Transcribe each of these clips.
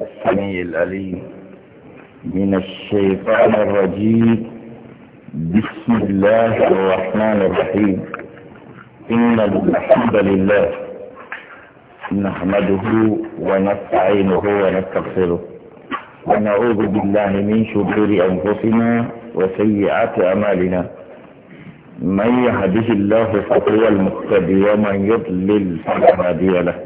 السميع الأليم من الشيطان الرجيم بسم الله الرحمن الرحيم إن الحمد لله نحمده ونستعينه ونستغفره ونعوذ بالله من شرور أنفسنا وسيئات أمالنا من يهده الله فهو المهتدي ومن يضلل فلا هادي له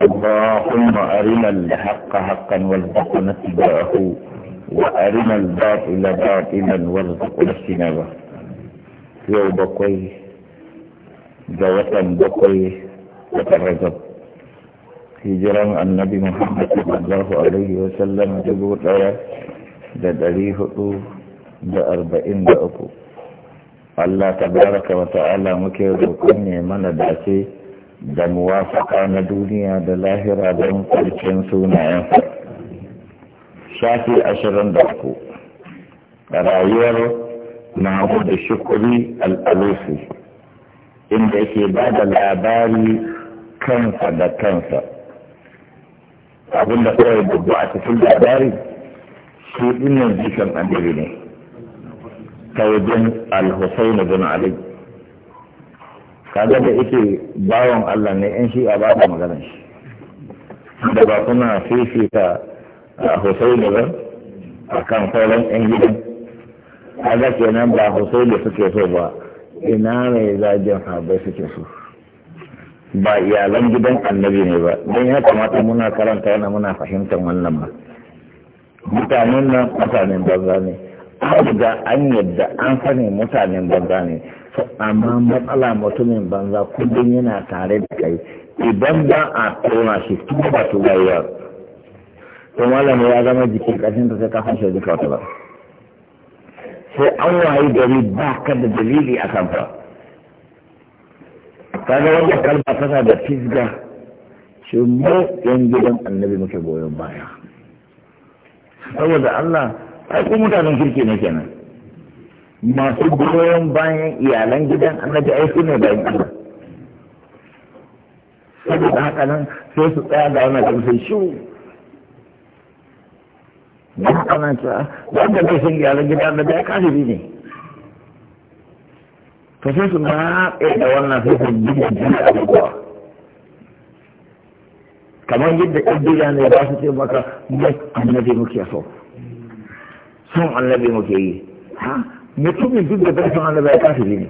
اللهم أرنا الحق حقا وارزقنا اتباعه وأرنا الباطل باطلا وارزقنا اجتنابه yau bakwai ga watan bakwai watan rajab hijiran annabi muhammad sallallahu alaihi wa sallam dubu daya da dari hudu da arba'in da uku allah tabaraka wa ta'ala muke roƙon mana dace da muwafaka na duniya da lahira don ƙarshen sunayen shafi ashirin da uku rayuwar na da shukuri al'alusi inda yake ba da labari kansa da kansa abinda kawai dubu a cikin labari shi ɗinnan zikin annabi ne ta wajen al-husayn bin ali kaga da ita bawon Allah ne in shi a ba magana. maganar shi da ba kuma fifita a Hussaini ba a kan sauran yan gidan kaga kenan ba Hussaini suke so ba ina mai zagin habai suke so ba iyalan gidan annabi ne ba don ya kamata muna karanta yana muna fahimtar wannan ba mutanen nan mutanen banza ne an an yadda an sani mutanen banza ne amma matsala mutumin banza kullum yana tare da kai idan ba a tona shi tun ba su bayar to malam ya zama jikin ƙarshen ta sai ka fashe duka wata ba sai an waye gari ba ka da dalili a kan fa ga wanda kalba tana da fisga shi mu yan gidan annabi muke goyon baya saboda Allah ai ko mutanen kirki ne kenan masu goyon bayan iyalan gidan annabi ai su ne bayan Allah saboda haka nan sai su tsaya da wannan kamsai shi da haka nan ta wanda bai san iyalan gidan annabi ai kafiri ne to sai su matse da wannan sai su gina jini a gaba kamar yadda ɗan ne ba su ce maka mai annabi muke so son annabi muke yi ha mutumin duk da bai san Allah ya kafiri ne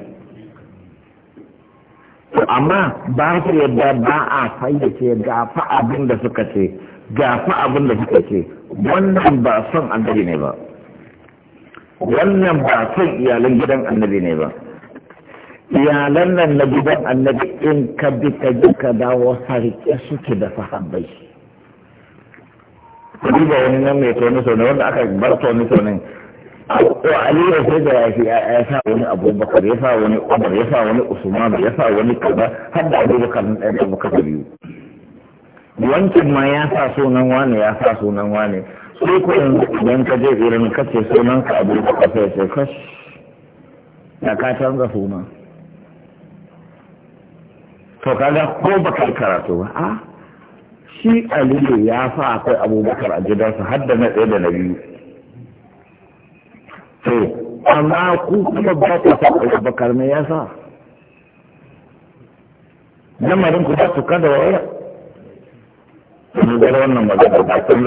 to amma ba su yadda ba a fayyace ga fa abin da suka ce ga fa abin da suka ce wannan ba son annabi ne ba wannan ba son iyalan gidan annabi ne ba iyalan nan na gidan annabi in ka bi ka ji ka dawo harike suke da sahabbai ba wani nan mai tsoni tsoni wanda aka bar tsoni tsoni ko ali ya sai da yafi ya sa wani abubakar ya sa wani umar ya sa wani usman ya sa wani kaza har da abubakar na da abubakar da biyu wancan ma ya sa sunan wani ya sa sunan wani sai ko in dan ka je irin ka ce sunan ka abubakar sai sai kash da ka canza suna to kaga ko baka karatu ba a ah, shi aliyu ya sa akwai abubakar a gidansa har da na ɗaya da na biyu to amma ku kuma ba ku sa me yasa lamarin ku su kada waya magana ba za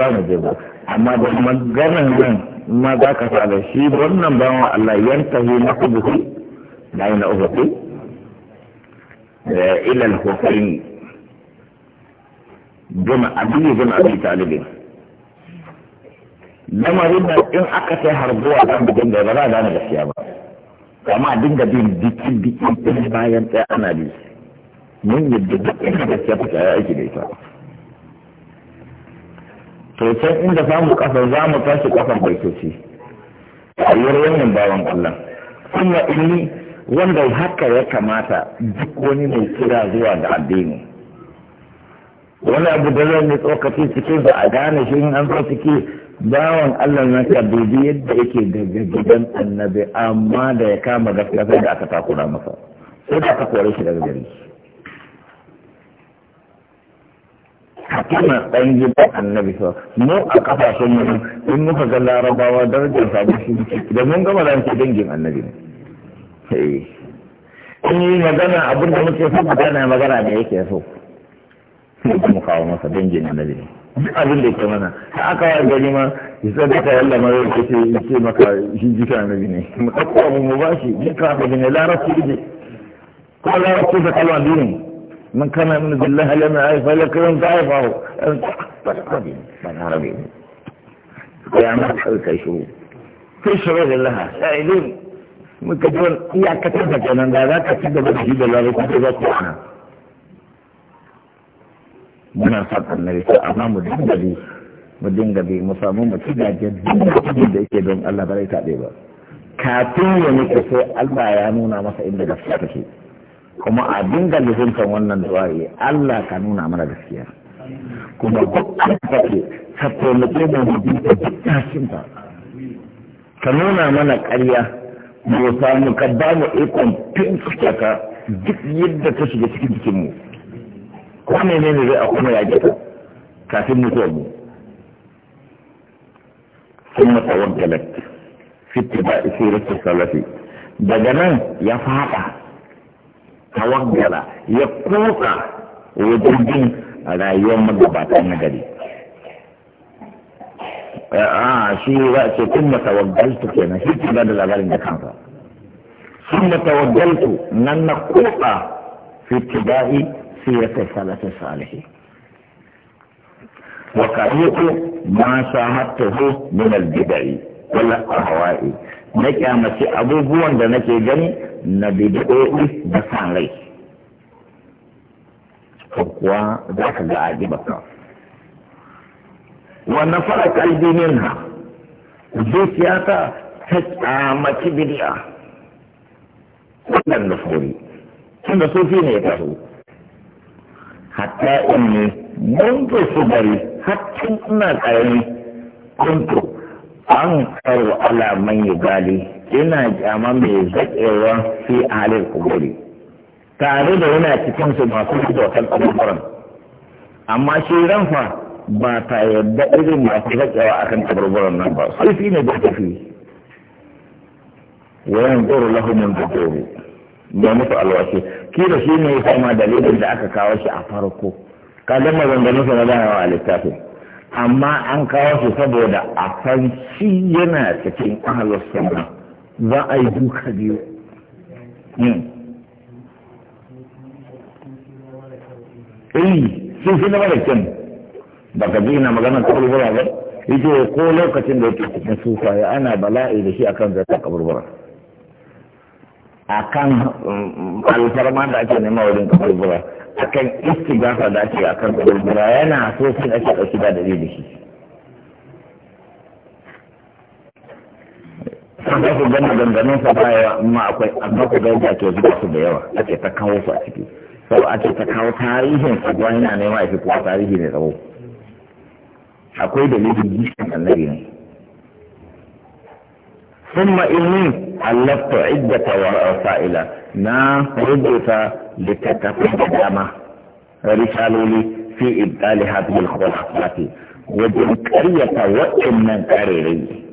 mu je ba amma da maganar nan ma za ka sa da shi wannan Allah na da talibin lamarin da in aka kai harbuwa kan bikin da ba za a gane gaskiya ba amma a dinga bin bikin bikin ɗin bayan ɗaya ana bi mun yadda duk inda gaskiya ta ya aiki da ita to can inda samu kafa za mu tashi kafan baitoci rayuwar wannan bawan Allah kuma inni wanda haka ya kamata duk wani mai kira zuwa da addini wani abu da zai mai tsokaci cikin da a gane shi in an zo ciki bawan Allah na ka dubi yadda yake daga gidan annabi amma da ya kama gaskiya sai da aka takura masa sai da aka kore shi daga gari hakima ɗan gidan annabi so mu a kafafun mu in muka ga larabawa darajar samu shi da mun gama da shi dangin annabi ne in eh. yi magana abin da muke so magana magana ne yake so mu kawo masa dangin annabi ne duk abin da ke mana ta aka wa gari ma da sadaka yalla mara yake ce in ce maka shi jika bi ne mu ɗauko abu mu ba shi jika annabi ne larabci ije ko larabci da kalma dinin man kana min billahi lana aifa la kan ta aifa ho ba ka bi ba na arabi ne ko ya ma kai shi kai shi da Allah sai mu ka muka ji iyakatar da nan da za ka ci gaba da shi da larabci da za ku ana muna son annabi sai amma mu dinga bi mu dinga bi mu samu mu gidaje da yake don Allah bare ta ba kafin ya nake sai Allah ya nuna masa inda gaskiya take kuma a dinga lizuntan wannan duwaye Allah ka nuna mana gaskiya kuma duk an take ka taimake mu mu dinga dukkan ta ka nuna mana ƙarya mu samu ka ba mu ikon tun duk yadda ka shiga cikin jikinmu ko ne zai a kuma ya ta kafin mutuwar mu sun matawakkalat fitta ba isi rasu salafi daga nan ya faɗa tawaggala ya kutsa wajen bin rayuwar magabata na gari a shi ya ce kun matawaggaltu kenan shi ke da labarin da kansa sun matawaggaltu nan na kutsa fitta ba'i sai ya kai salatu salihi wa kariku ma sa hatta hu min al bidai wal ahwa'i na kyamaci abubuwan da nake gani na bidai da salai kuwa za ka ga aji baka wa nafara kalbi minha zuciyata ta ci bidi'a, wannan da fori kuma da sofi ne ya taso. hatta inni su صغري hakkin ina ƙarami kuntu an karu ala man gali, ina jama mai zaƙewa fi halin kuburi tare da yana cikin su masu dokan kaburburan amma shi ranfa ba ta yadda irin masu zaƙewa akan kaburburan nan ba sai fi ne da tafi wayan zuru lahu da zuru da musu alwashi kila shi ne ya ma dalilin da aka kawo shi a farko ka ga maganganun sa na zanawa a littafin amma an kawo shi saboda a san shi yana cikin ahalar sunna za a yi duka biyu hmm. eh sun fi nama da kyan ba ka na magana ta ba yake ko lokacin da ke cikin ya ana bala'i da shi akan ta kaburbura a kan alfarma da ake nema wajen kaburbura a kan istigafa da ake a kan kaburbura yana so sun ake ɗauki da dare da shi sun da ku gani sa ba yawa amma akwai amma ku gani ake zuba su da yawa ake ta kawo su a ciki sau ake ta kawo tarihin su ba yana nema ya fi kuwa tarihi mai tsawo akwai dalilin gishin annabi ne ثم إني علفت عدة وسائل ما ردف لتتفق دامة رسالولي في إبدال هذه الخرافات وجنكرية وإن كريري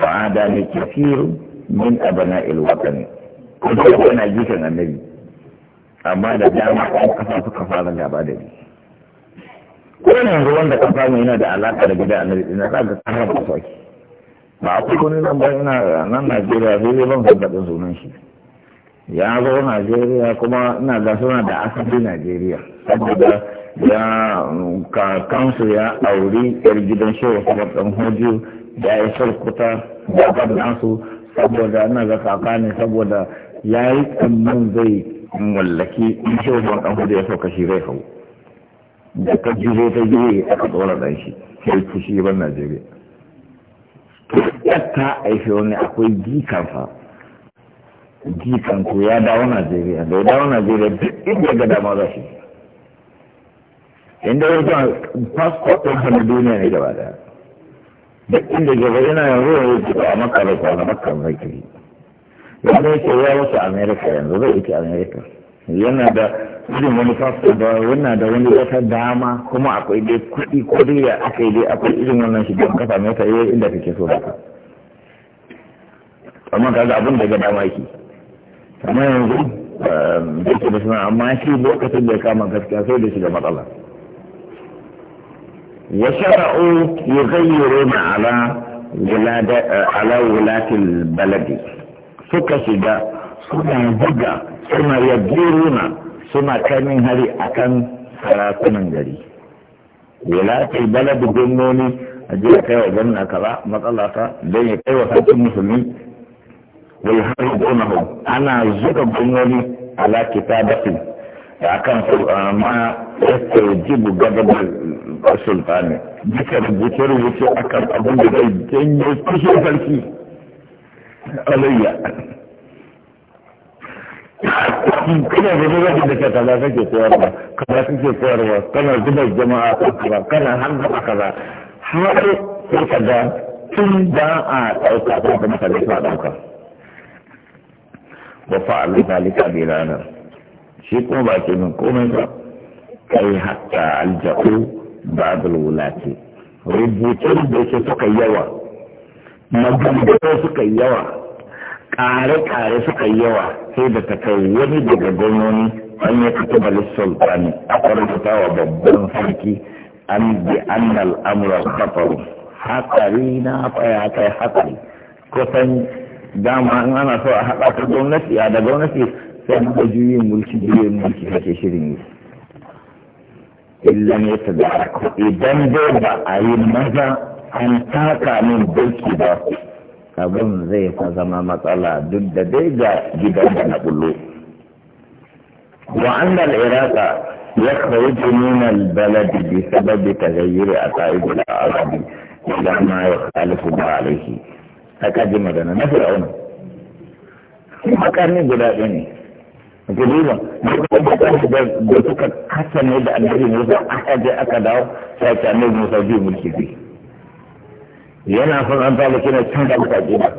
فعادني كثير من أبناء الوطن كنت أقول أجيك النبي amma da dama an kasa suka fara gaba da ni ko yanzu wanda ka samu yana da alaka da gidan annabi ina za ka karrama sauki ba a kukuni nan ba ina nan najeriya sai zai ban faɗaɗin sunan shi ya zo najeriya kuma ina ga suna da asali najeriya saboda ya kakansu ya auri yar gidan shehu kuma ɗan da ya yi sarkuta da saboda ina ga kaka ne saboda ya yi tsamman zai mallaki in shehu kuma ɗan hoji ya sauka shi zai hau da ta zai ta jire aka ɗora ɗan shi sai fushi ban najeriya ta aife wani akwai jikansa jikan ko ya dawo najeriya da ya dawo najeriya duk inda ga dama za shi inda ya zuwa passport ɗinsa na duniya ne gaba daya duk inda gaba yana yanzu yanzu ya a makka da kwana makka zai kiri yanzu ya ce ya wasu america yanzu zai ita america yana da irin wani fasta da wannan da wani wata dama kuma akwai dai kuɗi ko dai ya aka yi dai akwai irin wannan shi don kasa mai tsaye eh, inda kake so da ka amma ga abin da ga dama yake amma yanzu um, da ke da suna amma shi lokacin da ya kama gaskiya sai da shiga matsala wa shara'u ya ala na ala wulatil baladi suka shiga suna buga suna yagiruna suna kai min hari akan sarakunan gari wulatul balad gwamnoni a je a kai wa gwamna kaza matsala ta don ya kai wa sarkin musulmi wai wal hau ana zuga gwamnoni ala kitabati akan ma gaba da sultani duka rubuce rubuce akan abin da zai janyo kushe sarki alayya kana da zuwa da ka kaza kake koyarwa kaza kake koyarwa kana zuba jama'a a kaza kana hanzama kaza har sai ka ga tun ba a ɗauka ko kuma ka zai ɗauka ba fa fa'alu lika bi ranar shi kuma ba ke min komai ba kai hatta ba da wulati rubutun da ke suka yawa maganganu suka yawa kare-kare suka yi yawa sai da ta kai wani daga gwamnoni an yi fito da sultani aka rubuta wa babban sarki an bi annal amra kafaru Haƙari na faya kai Ko kusan dama an ana so a haɗa ta gwamnati a da gwamnati sai an juyin mulki juyin mulki kake shirin yi illan ya tabara idan dai ba a yi maza an taka min bulki ba abin zai ta zama matsala duk da dai ga gidan da na bullo wa annal iraqa يخرج من البلد بسبب تغير عقائد العرب الى ما يختلف ما عليه هكذا magana na fir'aun makarni guda ɗaya ne Guduba, da suka kasance da annabi Musa aka je aka dawo sai ka annabi Musa biyu mulki biyu. yana son an kina na da maka jina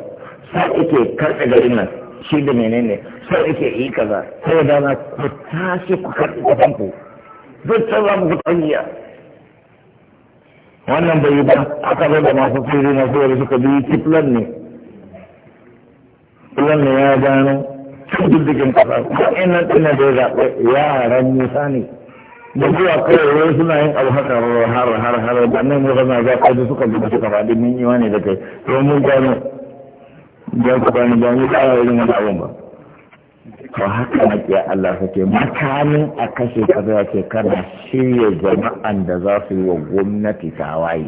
sai yake karɓe garin nan shi da menene sai yake yi kaza sai da na ku tashi ku karɓe kasan ku duk mu ku tsangiya wannan bai yi ba aka zo da masu sirri na suwar suka bi ci plan ne plan ne ya gano cikin dukkan kasa ko ina tana da ya zaɓe yaran musa ne da zuwa kawai wani suna yin abu har har har da nan mu zama za ka suka bi suka faɗi yi wani da kai to mun gano da ku gani ba mu tsaya irin wannan abun ba to haka na ke Allah sake makamin a kashe ka zai ce kana shirya jama'an da za su yi wa gwamnati tawaye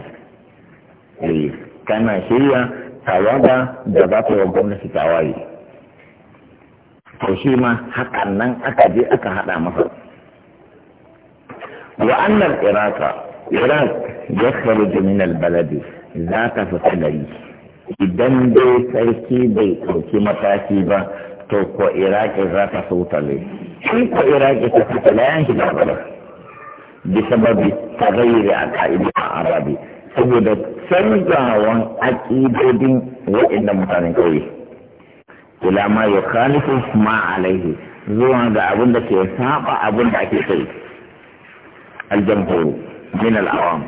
eh kana shirya tawada da za ta yi wa gwamnati tawaye to shi ma hakan nan aka je aka haɗa masa وأن العراق العراق يخرج من البلد ذات فتلي idan dai sarki bai ɗauki mataki ba to ko iraki za ta sautale shi ko iraki ta sautale yan shi gabara bisa babi tagayyari a arabi saboda canzawan aƙidodin waɗanda mutanen ƙauye ila ma ya khalifu ma alaihi zuwa ga abin da ke saɓa abin da ake kai aljamhuru min al'awam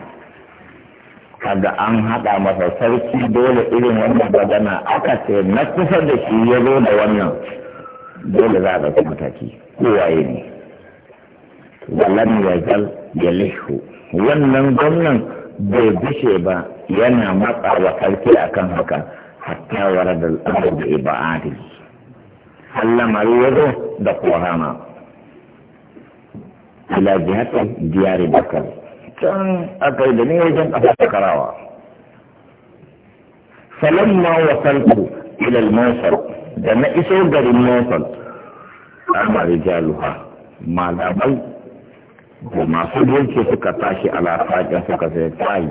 kaga an haɗa masa sarki dole irin wannan magana aka ce na kusa da shi ya zo da wannan dole za a ɗauki mataki kowaye ne walam ya zal ya lishu wannan gwamnan bai bushe ba yana matsa wa sarki akan haka hatta warar da al'amur da ibadi Allah mari ya zo da kohama ila jihatar diyari bakar can aka yi da ni wajen ƙasa ta karawa falamma wasaltu ila al-mawsal da na iso garin mawsal amma rijaluha malamai da masu mulki suka tashi ala suka sai tayi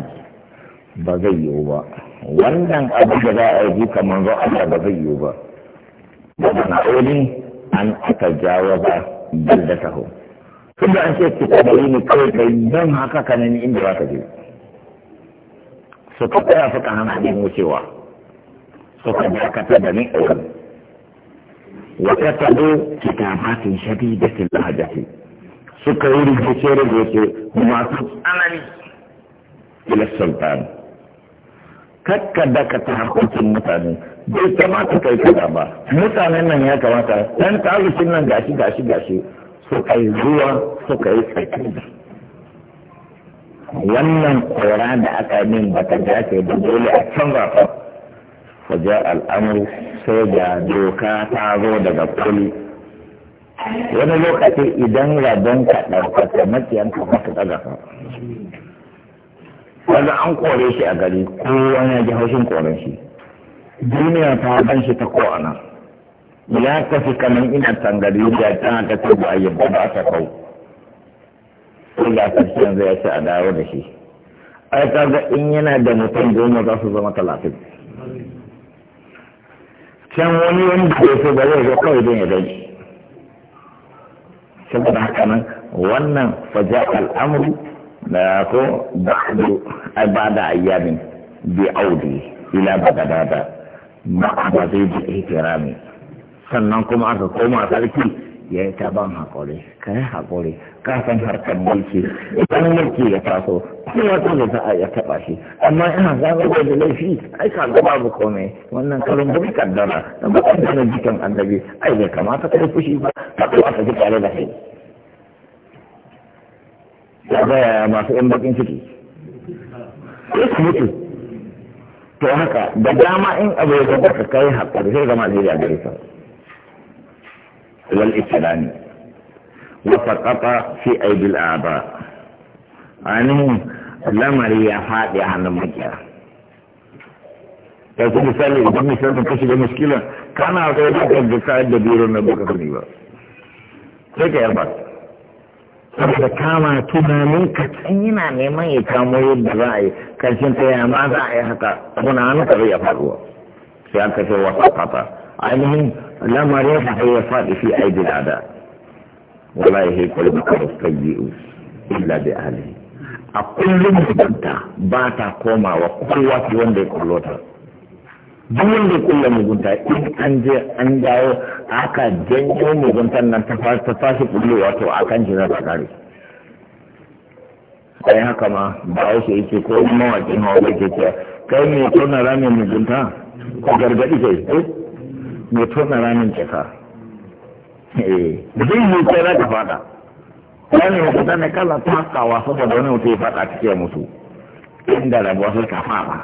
ba zai yiwu ba wannan abu da za a yi kamar zo Allah ba zai yiwu ba da sana'oli an aka jawaza baldatahu tun da an ce ki da ne kai kai don haka ka nemi inda za ka je su ka tsaya suka hana ne wucewa suka dakata da ni ɗaukar wa ta tabo kitabatin shadidatin lahajati suka yi rubuce-rubuce masu tsanani ila sultan kakka da ka ta harkokin mutane bai kamata kai kada ba mutanen nan ya kamata dan talisin nan gashi gashi gashi suka yi zuwa suka yi sakina wannan kora da aka min ba ta dace da dole a canza ta ja al'amuru sai da doka ta zo daga kuli wani lokaci idan rabon ka ɗaukaka makiyanka ba ta ɗaga ka wanda an kore shi a gari kowa ya ji haushin koren shi duniya ta ban shi ta ko nan ya kafi kaman ina tangari da tana ta ce ba yabba ba ta kau sai ya karshe ya ce a dawo da shi ai ga in yana da mutum goma za su zama talatin can wani wanda ya so ba zai zo kawai don ya gani saboda haka nan wannan faja al'amuru da ko ba da ayyamin bi audi ila bagadada ba zai ji ihtirami sannan kuma aka koma sarki ya yi taban haƙuri ka yi haƙuri ka san harkar mulki idan mulki ya taso kuma ta da a ya taɓa shi amma ina zaɓar da da laifi ai ka ga babu komai wannan karin bai kaddara na ba ka da jikin annabi ai bai kamata ka yi fushi ba ka kuma ka ji tare da shi. ya ga masu yan bakin ciki sai su mutu to haka da dama in abu ya gaba ka kai haƙuri sai zama zai da gari ka والإسلام وسقط في أيدي الأعضاء أنه لم رياحات عن المجهة تقول سألي إذا مثلا تكشف المشكلة كان أعطيك أن تساعد دبير النبوك خليبا كيف يربط Saboda kama tunanin ka tsina neman ya kamo yadda za a yi kan shi ta yi amma za a ainihin ya fi ya faɗi fi aibin ada wala ya haiku da makarar sayyi'u illa bi ali a kullum mugunta ba ta komawa kowa fi wanda ya kullo ta duk wanda ya kulla mugunta in an je an dawo aka janyo mugunta nan ta fashe kullewa to a kan jina da kare haka ma ba a shi yake ko mawaƙin hawa ke ce kai ne tona ramin mugunta ko gargaɗi kai mai tona ramin kisa eh, zai yi ko na da fada wani mutum ne kala takawa saboda wani mutum ya fada cikin mutu inda rabuwa su kafa ba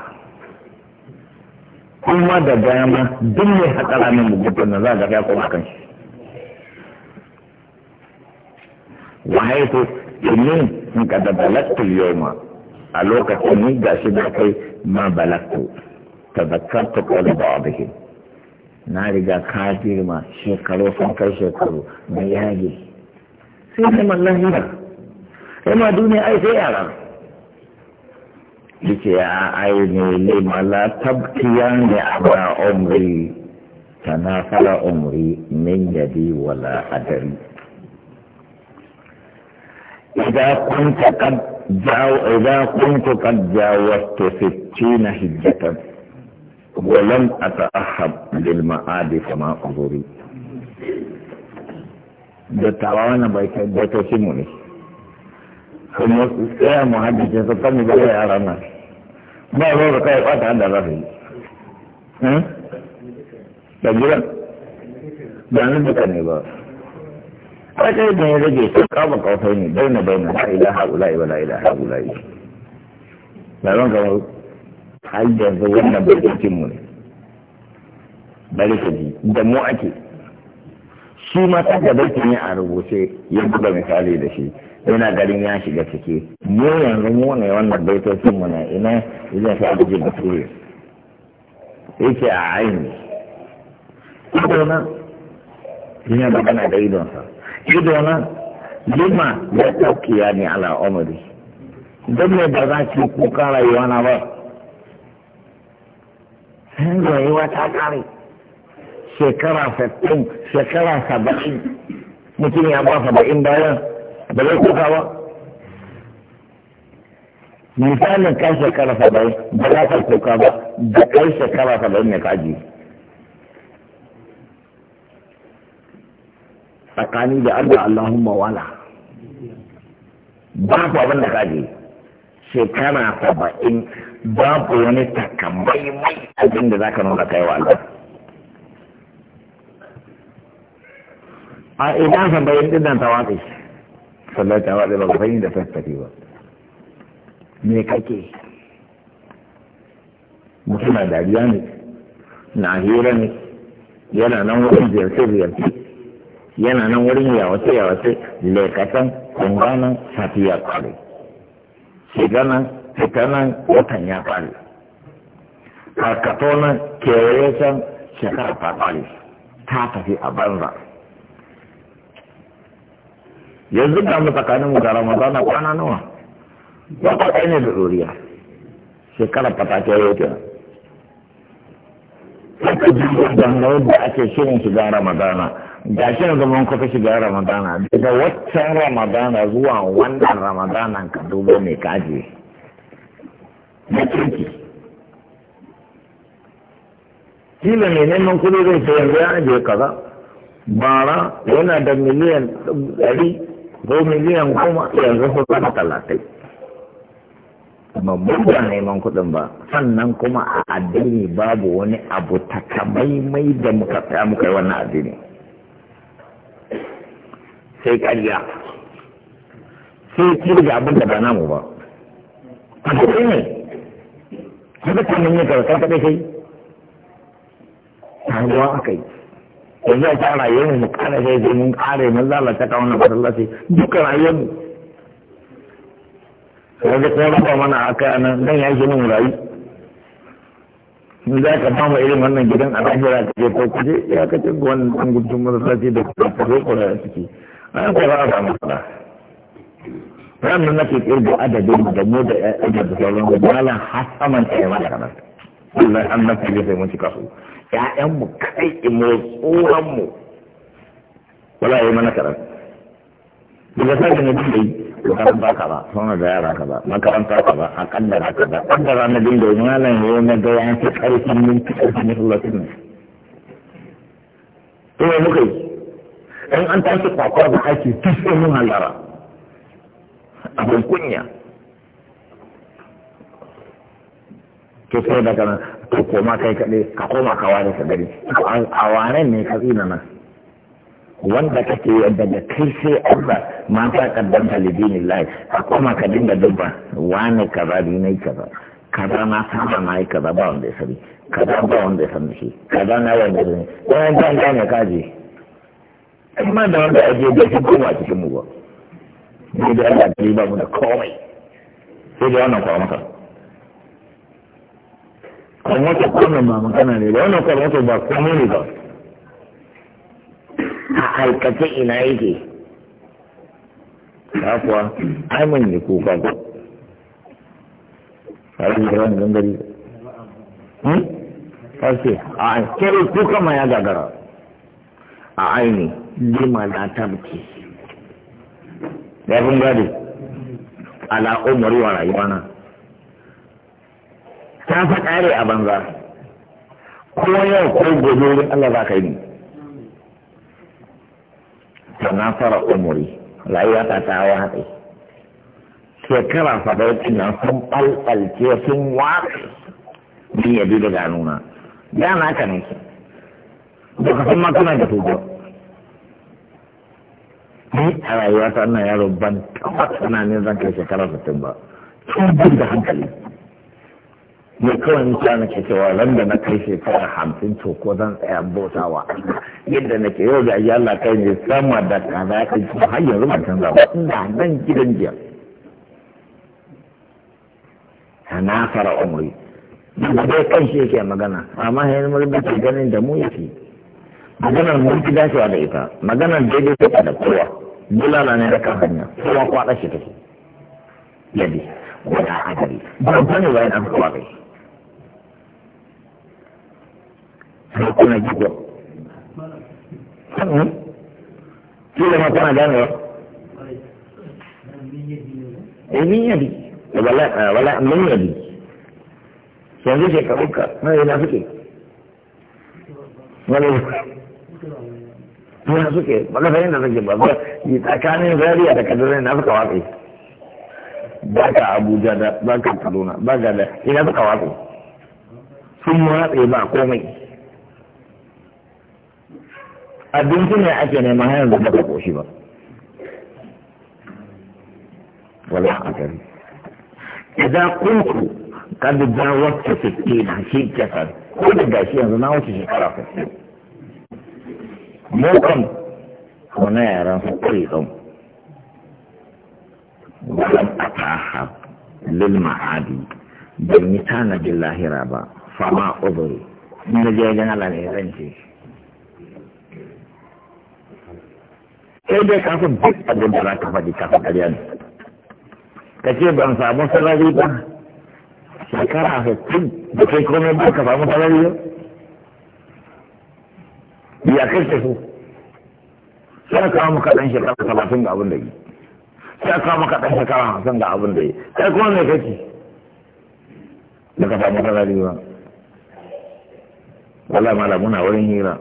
kuma da dama duk mai haƙa ramin mugudan na za a ga kuma kan shi وحيث a إن قد بلغت اليوم ألوك إني قاشد كي ما na riga ka girma shekaru sun kai shekaru na yage sai ne mallan hira yana duniya ai sai yara yake ya ai ne ne mala tabkiya ne a ba umri tana fara umri min yadi wala adari إذا كنت قد جاو إذا kan jawo ta ستين هجة ولم أتأحب للمعاد فما أزوري da tawawa na bai kai baitoci mu ne kuma tsaya mu haddace su kan ba ya yara na ba zo kai kwata da za su yi da gidan ba ne ba a kai da ya rage su kama kawai ne bai na bai na la ilaha ula'i wa la ilaha ula'i ba zan kamar har yanzu wannan barkacin mu ne bari ka ji da mu ake shi ma ta da barkin a rubuce ya buga misali da shi yana garin ya shiga ciki mu yanzu mu ne wannan baitocin mu ne ina idan sa abuji bature yake a aini ido na yana magana da idonsa ido na lima ya tafkiya ne ala umari don me ba za ki kuka rayuwa na ba rayuwa ta kare shekara sattin shekara saba'in mutum ya ba saba'in bayan ba zai kuka ba misalin kan shekara saba'in ba za ka kuka ba da kai shekara saba'in ne kaji tsakani da Allah Allahumma wala ba ku abin da kaji shekara saba'in babu wani takamai mai abin da za ka nuna kai wa Allah a idan san bayan dinnan ta watsi sallar ta ba ku fahimta da fasfafi ba me kake mutum na dariya ne na hira ne yana nan wurin ziyarce-ziyarce yana nan wurin yawace-yawace laikatan kungana, safiya kwarai shiga nan fita nan watan ya ƙare karkato nan kewaye can shekara ta fari ta tafi a banza yanzu ga mu tsakanin mu da ramadana kwana nawa ya kwaɗa ne da ɗoriya shekara fata kewaye ta haka jirgin dangane da ake shirin shiga ramadana ga shi yanzu mun kusa shiga ramadana daga waccan ramadana zuwa wannan ramadana ka dubo mai kaji na kila ne neman kudi zai sayar yanzu ya ajiye kaza bara yana da miliyan ɗari ko miliyan kuma yanzu ko kana talatai babban ba neman kudin ba sannan kuma a addini babu wani abu ta takamaimai da muka tsaya muka yi wannan addini sai ƙarya sai kirga abin da ba namu ba a ne kuma kamin ya karka kaɗai kai taruwa aka yi ta rayuwar mu sai mun mun rayuwar mu mana aka nan dan mun rayu ka irin wannan gidan a lahira ka je ko kuje ya ka ce dan gudun da ko ko an ko ranar nake kirgo adadin da mu da ajiyar da sauran da malam hasaman saman ta yi mana kamar Allah an nan kaje sai mun Ya su ƴaƴanmu kai imo tsoron mu wala yi mana karatu daga sai ne din dai makaranta ka ba sauna da yara ka ba makaranta ka ba a kaddara ka ba kaddara na din da malam ya na ga ya fi karfin mun fi karfin Allah ne to muka yi in an tashi kwakwa ba ake tuso mun halara abin kunya to sai daga nan ka koma kai kaɗai ka koma ka ware ka gari a ware ne ka tsina nan wanda kake yadda da kai sai Allah ma ta kaddan lidinin lai ka koma ka dinga dubba wane kaza bi ne ka kaza na saba na yi kaza ba wanda ya sani kaza ba wanda ya sani shi kaza na wanda ya sani wani jan ya kaji kuma da wanda ya je bai shi koma cikin mu ba sai da Allah yi ba mu da komai sai da wannan kwa maka kwarmata ba ba magana ne ba wannan kwarmata ba komai ne ba a aikace ina yake ta kuwa ai mun yi kuka ko har yi ran gangari hmm kace a kere kuka ma ya gagara a aini lima da tabki ya kun gadi ala umari wa rayuwana ta fa kare a banza ko yau ko gobe wurin Allah za ka yi ta na fara umari rayuwa ta ta waɗe shekara saba'in nan sun ɓalɓalce sun waɗe bin yabi da ganuna na ka ne ba da san ma kuna da tujo ni a rayuwa ta wannan yaro ban taba ne zan kai shekara sittin ba tun da hankali ne kawai ta nake cewa ran da na kai shekara hamsin to ko zan tsaya bautawa yadda na ke yau da ayi Allah kai ne sama da kaza kai kuma har yanzu ban canza ba ina nan gidan jiya na fara umri da dai kan shi yake magana amma yanzu mun da ganin da mu yake maganar mulki dacewa da ita maganar daidai take da kowa bulala ne da kan hanya kowa kwada shi take yadda wata hadari ban sani wani an kowa kai sai kuna ji ko hmm? kila ma tana gane wa eh min yadi eh, wala eh, wala min yadi yanzu shekaru ka mai na suke wani suna suke baka fahimta da suke ba yi tsakanin zariya da kaduna na suka watsi ba ka abuja da ba ka kaduna ba ga da ina suka watsi sun watsi ba komai abinci ne ake nema hanyar da baka koshi ba wala akari idan kunku kad da wata fitina shi kasar ko da gashi yanzu na wuce shekara 15 mukan wani yaran su kullum ولم أتعهد للمعادي بالمتانة بالله رابا فما أضري إن جيجنا لن يرنشي sai dai kafin duk abin da za ka faɗi kafin ƙarya ne ka ce ban samu salari ba shekara sittin da kai komai ba ka samu salari ba biya kashe su sai kawo maka ɗan shekara talatin ga abin da yi sai kawo maka ɗan shekara hamsin ga abin da yi sai kuma mai kake da ka samu kana ba wala mala muna wurin hira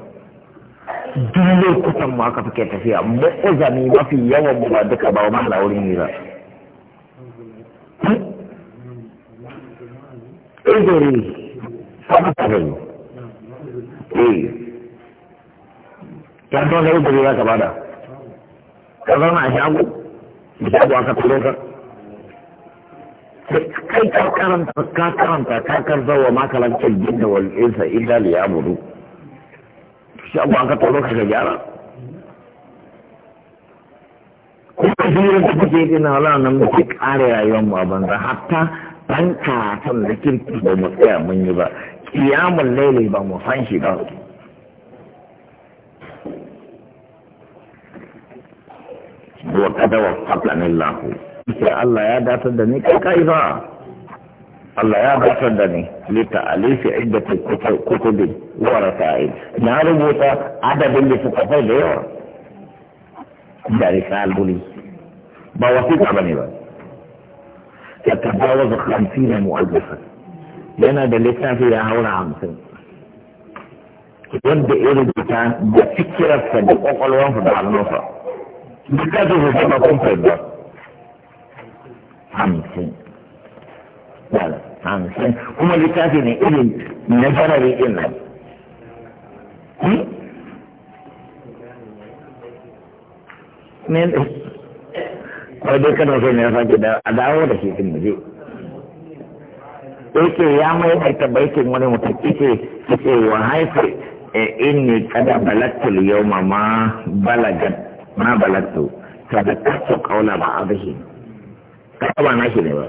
duk lokutan mu aka fike tafiya mu'uzami mafi yawan mu ba duka ba ala wurin hira Ezeri, ta sabari. Eh, tantan da rubuta za ka bada ka zama a shago da shago aka turo ka kai ka karanta ka karanta ka ma wa makalantar jinda wal insa illa li yabudu shago aka turo ka ga gyara kuma jirin da kuke yi na wala nan da ke kare rayuwar mu a banza hatta ban san da kirki ba mu tsaya mun yi ba kiyamun laili ba mu san shi ba wa kada wa fadlan Allah sai Allah ya datar da ni kai kai ba Allah ya datar da ni li ta'alifi iddati kutubi wa rasail na rubuta adadin da suka fai da yawa da risaluli ba wasiƙa bane ba ya tabawaza 50 mu'allafa yana da littafi ya haura hamsin wanda ya rubuta da fikirarsa da kwakwalwarsa da hannunsa Jika su su sama kun fahimta. Hamsin. Wala, hamsin. Kuma littafi irin na sarari din nan. Hmm? Ne ne? Wai ne ya sake da a dawo da shi din Yake ya mai da tabaitin wani mutum yake yake wa haifi eh, inni kada balagtul yawma ma balagat ma balagtu tadakkartu qawla ba'dihim kaga ba nashi ne ba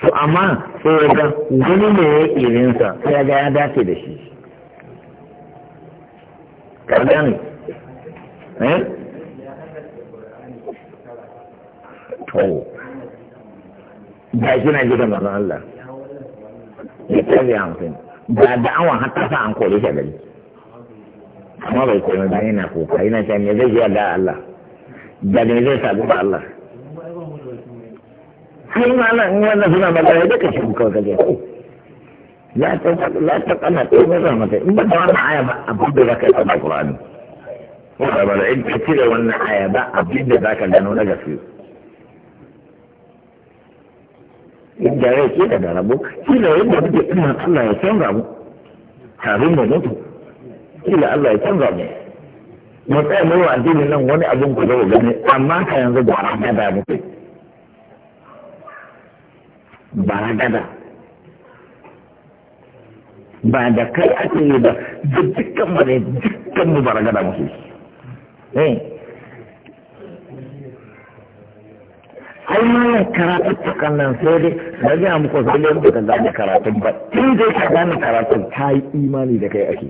to amma sai ya ga wani ne ya yi irinsa sai ga ya dace da shi kaga ne eh to da shi na gidan manzon Allah ya tabi hamsin ba da'awan hatta sa an kori shi a amma bai komai ba yana kuka yana ta me zai yi da Allah da me zai sabu ba Allah sai ma na, in wannan suna magana da kace kuka kaje la ta la ta kana ta mai rahmata in ba da wannan aya ba abu da zaka yi a Qur'ani ko da ba in ka cire wannan aya ba abu da zaka gano na gaske in da rai ke da rabu ne yadda muke ina Allah ya san rabu kafin mu mutu kila Allah ya canza mu mu tsaya mu addinin nan wani abin ku zo gani amma ka yanzu da a gada muke ba a gada ba da kai ake yi ba da dukkan mu ne dukkan mu ba a gada muke eh. ai ma karatu tukan nan sai dai na gaya muku sai dai muka gane karatun ba in dai ka gane karatun ta yi imani da kai ake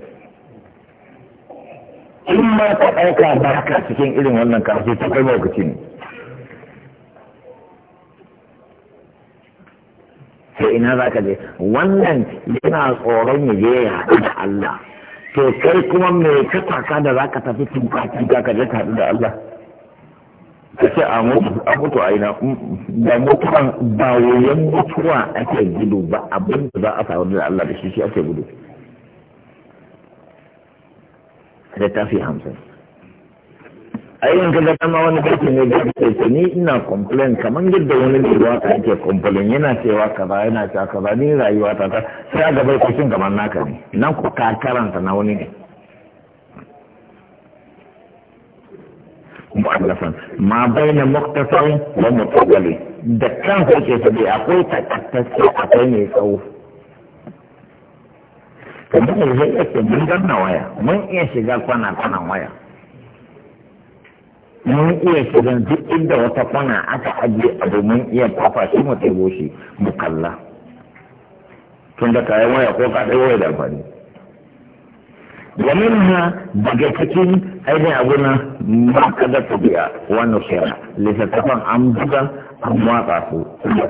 in ma ka ɗauka ba haka cikin irin wannan kafi ta kai lokaci ne sai ina za ka je wannan yana tsoron ya je ya haɗu da Allah to kai kuma me ka da za ka tafi tuka tuka ka je ka haɗu da Allah ka ce a mutu a ina mm, da mutuwan ba wuyan mutuwa ake gudu ba abin da za a faru da Allah da shi shi ake gudu littafi hamsin ai in kaga ma wani kake ne da kake ce ni ina complain kamar yadda wani mai waka yake complain yana cewa ba yana cewa ba ni rayuwa ta ta sai a gabar kushin kamar naka ne nan ku ka karanta na wani ne mu'allafan ma na muktasar wa mutawali da kan kake sabi akwai takattacce akwai mai tsawo ka duka zai yake mun danna waya mun iya shiga kwana kwana waya mun iya shiga duk inda wata kwana aka ajiye abu mun iya kafa shi mu taibo shi mu kalla tun da kayan waya ko ka dai waya da amfani ومنها دقيقتين أين أقولنا ما قدرت بها ونصيرا لتتفق عن بدا an watsa su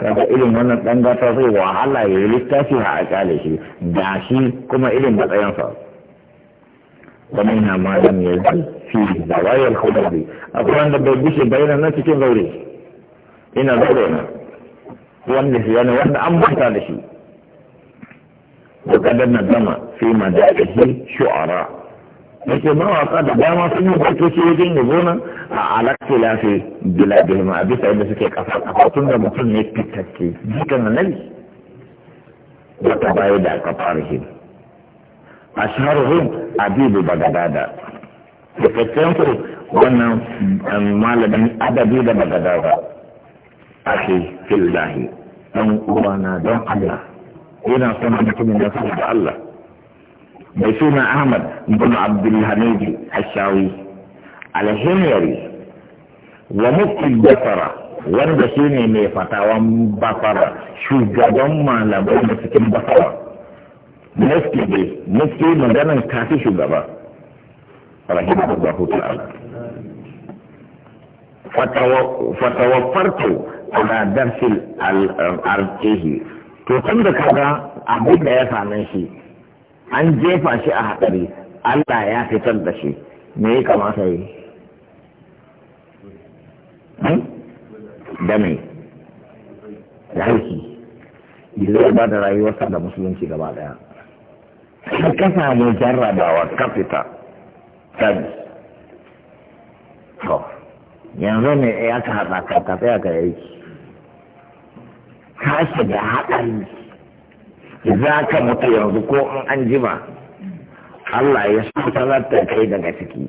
kaga irin wannan dan gata zai wahala ya yi littafi a kyale shi da shi kuma irin matsayinsa wani na malam ya yi fi da wayar hudabi akwai wanda bai bushe bayanan na cikin gauri ina zaure na wanda shi yana wanda an bata da shi da kadar na fi ma da shi shu'ara da ke mawaka da dama sun yi barkoki wajen yabo nan a alaƙi lafi bila bilma a bisa inda suke kafa a tun da mutum ne fitacce jikan annabi wata baya da shi. a shahararrun abibu bagadada da fitaccen ku wannan um, malamin adabi da bagadada ake fillahi dan uwana don allah yana son mutumin da da allah mai suna ahmad bin abdulhamidi ashawi alhimyari wa muftin basara wanda shi ne mai fatawan basara shugaban malamai da cikin basara mufti ne mufti maganin kafi shugaba rahimahullahu ta'ala fatawafarto ala darsil al-arjihi to tun da kaga abin da ya same shi an jefa shi a haɗari Allah ya fitar da shi me ya kamata yi hmm? da mai da zai ba da rayuwarsa da musulunci gaba daya har ka samu jarrabawa ka fita sabis to yanzu ne ya ka haɗa ka ka ka aiki ka shiga haɗari za ka mutu yanzu ko in an jima Allah ya sa so sanarta kai daga ciki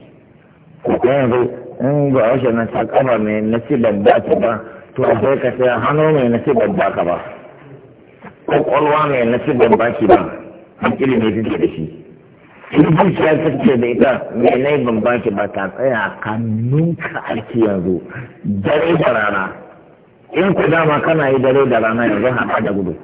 ko yanzu in ba wace na ta kama mai nasi babba ta ba to sai ka sai hannu mai nasi babba ka ba kwalwa mai nasi babba ki ba ilimi ne ke da shi in ya kake da ita mai nai babba ki ba ta tsaya ka nunka aiki yanzu dare da rana in ku dama kana yi dare da rana yanzu haɗa da gudu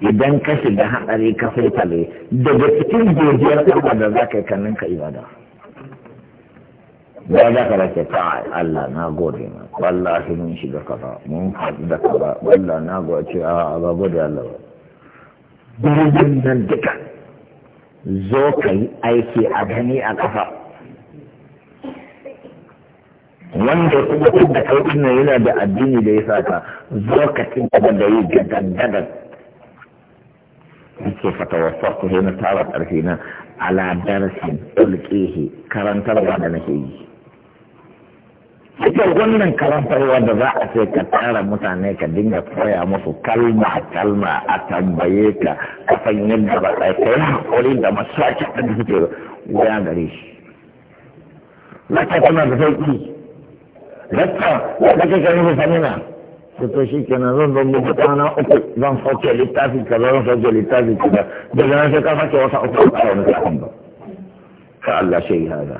idan ka shiga haɗari ka faifale daga cikin godiyar Allah da za ka yi kannin ka ibada ba za ka rake ta Allah na gode ma wallahi mun shiga kaza mun faɗi da kaza wallahi na gode a ba gode Allah ba gurbin nan duka zo ka yi aiki a gani a ƙafa wanda kuma da kai yana da addini da ya saka zo ka ci da yi gadan كيف توفقت هنا تعرف أرهينا على درس قلت إيه كرنت الغنى نهي حتى وانا كرنت الغنى رأسي كتارة متعني كدنيا تخويا مصو كلمة كلمة أتنبيك أفينينا بقيت يا حقولي ده مشاكة تنفتر ويانا ليش لا تتنا بفيتي لا تتنا لكي كنين فنينا da to shi kenan zan zan buga kwana uku zan sauke littafi kaza zan sauke littafi kaza daga nan sai ka sauke wata uku a wani sakon ba ka Allah shi hada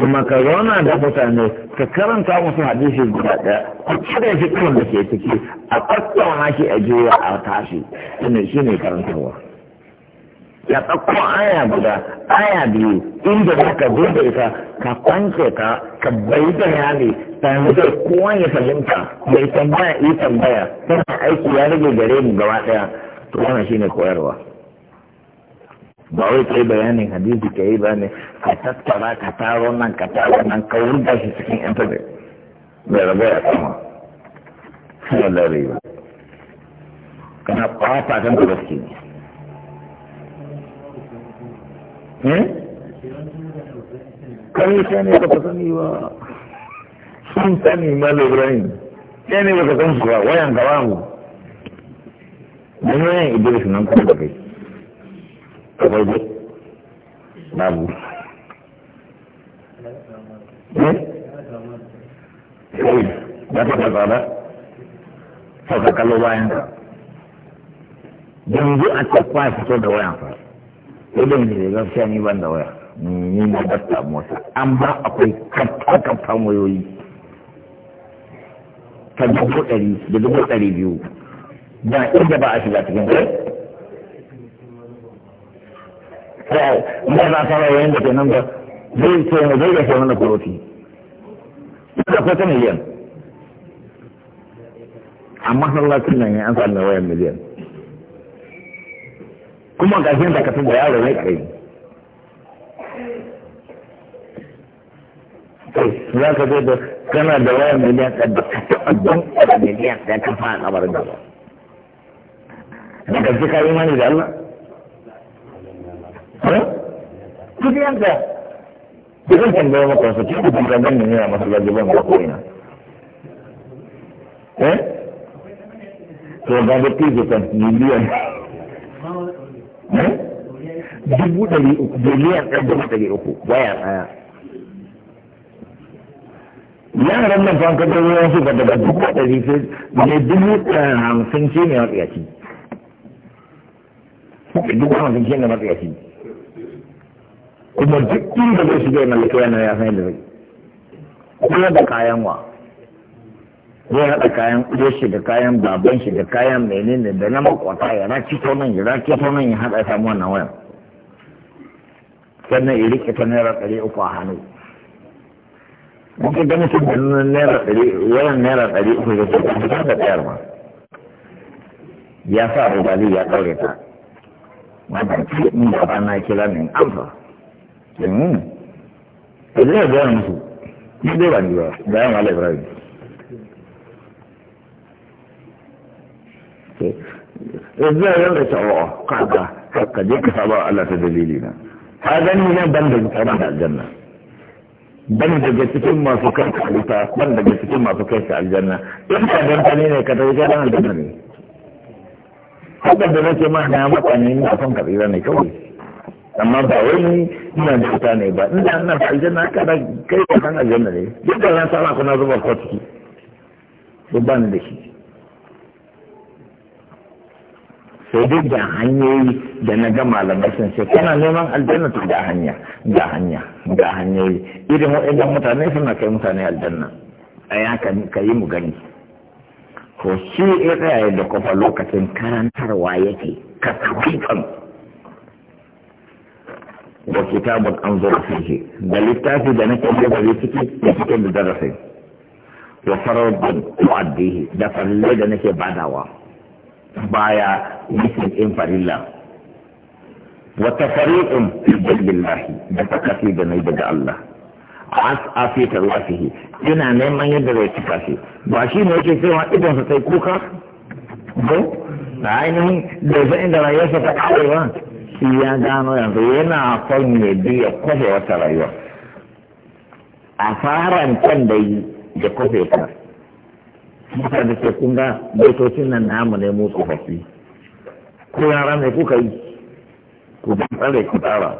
kuma ka zauna da mutane ka karanta musu hadisi guda ɗaya ku cire fikirin da ke ciki a tattauna shi a juya a tashi shine shine karantarwa ya ɗauko aya guda aya biyu inda za ka zo da ita ka kwance ka ka bai bayani tare da kowa ya fahimta mai tambaya yi tambaya tana aiki ya rage gare mu gaba ɗaya to shi ne koyarwa ba wai kai bayanin hadisi ka yi ba ne ka tattara ka taro nan ka taro nan ka wurga shi cikin intanet bai rabu ya kama sallallahu alaihi wa kana kwafa kan gaske ne Hmm? kai sai ne ka sani ba sun sani mal ibrahim sai ne baka san shi ba wayan gaba mu dan wayan idris nan kuma da kai akwai dai babu hmm? ba ta kasa ba sau ka kallo bayan ka yanzu a cikin fito da wayan fa idan ne gaskiya ni ban da waya ni na batta mota an ba akwai kafa kafa wayoyi ta dubu ɗari da dubu ɗari biyu da inda ba a shiga cikin kai ba za ta rawa yadda ke nan ba zai ce mu zai gashe mana kuroti da ko ta miliyan amma sallacin nan ya an sami wayan miliyan kuma ga shi da ka da yaro ne kare to za ka je da kana da wayan miliyan ɗaya da ka taɓa miliyan ɗaya ka fara kamar da ba da ka kayi mani da Allah kuɗiyanka da zan maka wasu cikin kuɗin da zan nuna masu lajiban ba ko ina eh to ga da miliyan dubu ɗari uku biliyan ɗan dubu ɗari uku waya ɗaya yaran nan fanka da ruwan su ga daga dubu ɗari ne dubu ɗari hamsin shi ne matsiyaci dubu hamsin shi ne matsiyaci kuma duk inda zai shiga ya mallaki yana ya san yadda zai kuma da kayan wa zai haɗa kayan shi da kayan baban shi da kayan menene da na makwata ya raki ta nan ya raki ta nan ya haɗa ya wannan wayan sannan ya rike ta naira ɗari uku a hannu muke gani sun da naira ɗari wayan naira ɗari uku da ce ta da ɗayar ma ya sa rubali ya ɗaure ta wannan ce da na kira min amsa yi hmm. ne zai gaya musu ni dai ba ni ba bayan wala ibrahim yanzu ya yau da cewa oh, kaga ka je ka saba Allah ta dalili na ka gani na ban da tsara da aljanna ban daga cikin masu kai ka wuta ban daga cikin masu kai ka aljanna in ka danta ne ka tafi ka dan aljanna ne haka da nake ma na maka ne ina son ka tsira ne kawai amma ba wai ni ina da wuta ne ba ina ina da aljanna ka da kai ka san aljanna ne duk da ran sama kuna zuba ko ciki ban da shi sai duk da hanyoyi da na ga malamai sun ce kana neman aljanna tun da hanya da hanya da hanyoyi irin waɗannan mutane suna kai mutane aljanna a ya ka yi mu gani ko shi ya tsaya da kofa lokacin karantarwa yake ka kan da kitabun an zo fihi da littafi da nake da ciki da cikin da darasi wa da tu'addihi da farle da nake badawa baya nufin ɗin farilla wata fari'in billahi da ta da nai daga Allah afi ta ruwa ina neman yadda zai cika ba shi ne yake cewa idan sa sai kuka ko da ainihin da zai inda rayuwarsa ta kare ba shi ya gano yanzu yana son ya biya kwafe wata rayuwa a faran can da yi da kwafe ta muka da ke kun ga baitocin nan namu ne mu tsofaffi ko yara mai kuka yi ku ban tsare ku tsara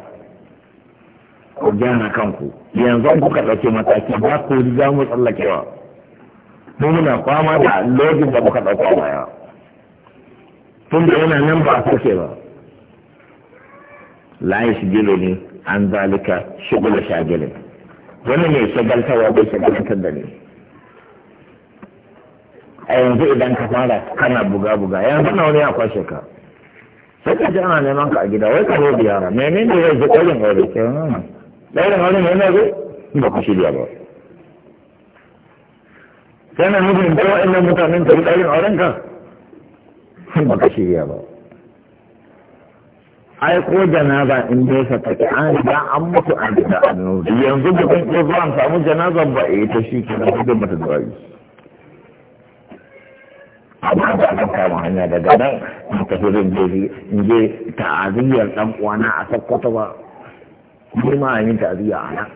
ku gyana kanku yanzu an kuka ɗauke mataki ba ku riga mu tsallakewa mu muna kwama da lokacin da muka ɗauka baya tun da yana nan ba a sake ba layin shi gilo ne an zalika shigula shagilin wani mai shagaltawa bai shagaltar da ni a yanzu idan ka fara kana buga-buga yanzu na wani ya kwashe ka sai ka ji ana neman ka a gida wai ka zo biyara menene ya ji ƙwarin aure ke nan ɗaurin aure ne na zo ba ku shirya ba kana nufin da ina mutanen ka ɗaurin auren ka ba ka shirya ba ai ko janaza in dai sa take an riga an mutu an gida annobi yanzu da kun iya zuwa samu janazan ba eh to shi kenan duk mata da amma da aka kama hanya daga nan in tafi zan je in je ta'aziyyar dan uwana a sakkwato ba ni ma yin ta'aziyya a nan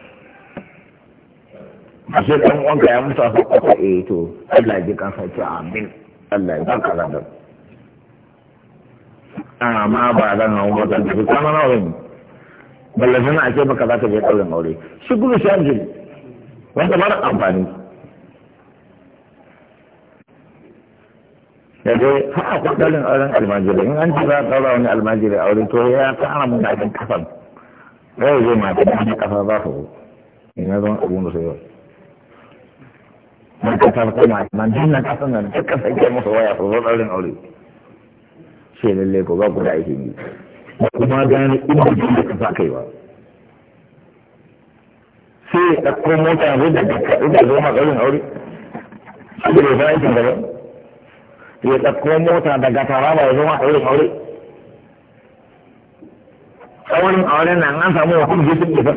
a shi dan uwanka ya mutu a sakkwato eh to Allah ji kan sauki amin Allah ya baka ladan amma ba zan hau motar da su kama na ne balle suna a ce baka za ka je ɗaurin aure shi gudu shi wanda mara amfani da dai haka ko auren almajiri in an ci ba a ɗaura wani almajiri aure to ya tsara mu da kafan yau zai ma da kafa ba su ina zan abun da sai mun ka tarko ma man dan nan kasan nan kafa ke musu waya su zo ɗaurin aure shi lalle ko ba ku da aikin yi kuma gane inda da ka kai ba sai ya mota zai da duka zai zo ma ɗaurin aure shi ne ba aikin gaba ya tsakko mota daga taraba ya zama aure aure tsawon auren nan an samu wa kuma jisun isa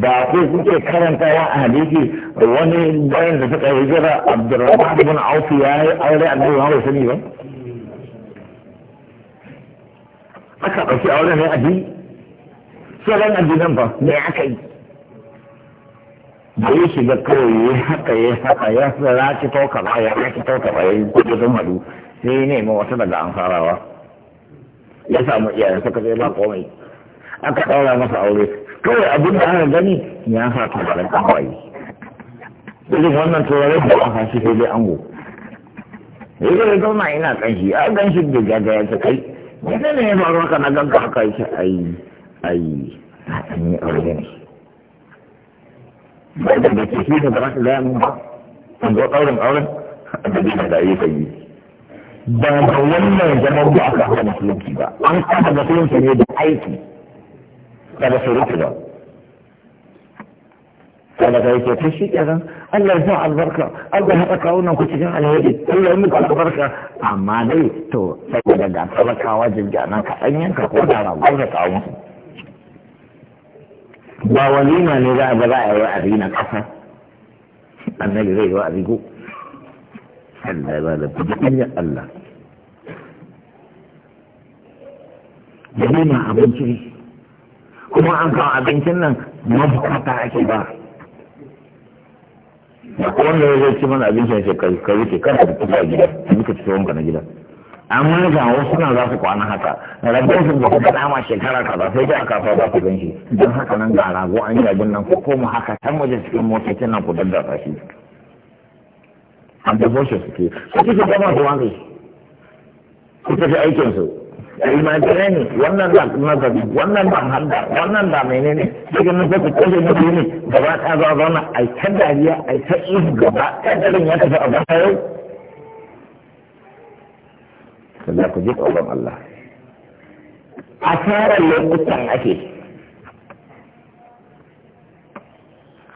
ba ku kuke ya a hadisi wani bayan da suka yi jira abdurrahman bin auf ya yi aure annabi wani sani ba aka ɗauki auren ne a biyu sauran addinan ba me aka yi da ya shiga kawai ya haka ya haka ya ci tauka ba ya haka tauka ba ya kuɗi sun haɗu sai ya nemi wata daga farawa ya samu iyayen suka zai ba komai aka ɗaura masa aure kawai abin da aka gani ya sa turaren kawai irin wannan turare da aka shi sai dai ango ya zai zauna ina ƙanshi a ƙanshi da ya ta kai ya ne ya faru haka na ganka haka ya ce ayi ayi a ɗanyi aure ne bai da bai tafi da ba su gaya mun ba an zo ɗaurin auren da bai da yi kai ba da wannan zaman da aka hana musulunci ba an kada musulunci ne da aiki da ba su rufe ba kada ka yake ta shi kenan Allah ya sa albarka Allah ya haɗa kawunan ku cikin alheri Allah ya muku albarka amma dai to saboda ga talakawa jirgin nan ka ɗan yanka ko da ragon ka kawo musu ba walima ne za a ba za a yi wa'azi na ƙasa annabi zai yi wa'azi ko Allah ya ba da kuɗi Allah walima abinci ne kuma an kawo abincin nan mabukata ake ba ba kowanne ya zai ci mana abincin shekaru kai wuce kana da kuɗi a gida muka ci wanka na gida amma ga wasu na za su kwana haka rabin su ba kuma dama shekara ba sai dai aka fara ku gan shi don haka nan ga rago an yi abin nan ko koma haka san waje cikin motocin nan ku daddasa shi an da boshe suke su kike ma su wani ku tafi aikin su almajirai ne wannan da nazari wannan da wannan da menene daga nan sai ku kashe ni biyu ne gaba ta zauna ai ta dariya ai ta ihu gaba ta darin ya tafi a baya yau sannan ku ji tsoron Allah a tsarin lokutan ake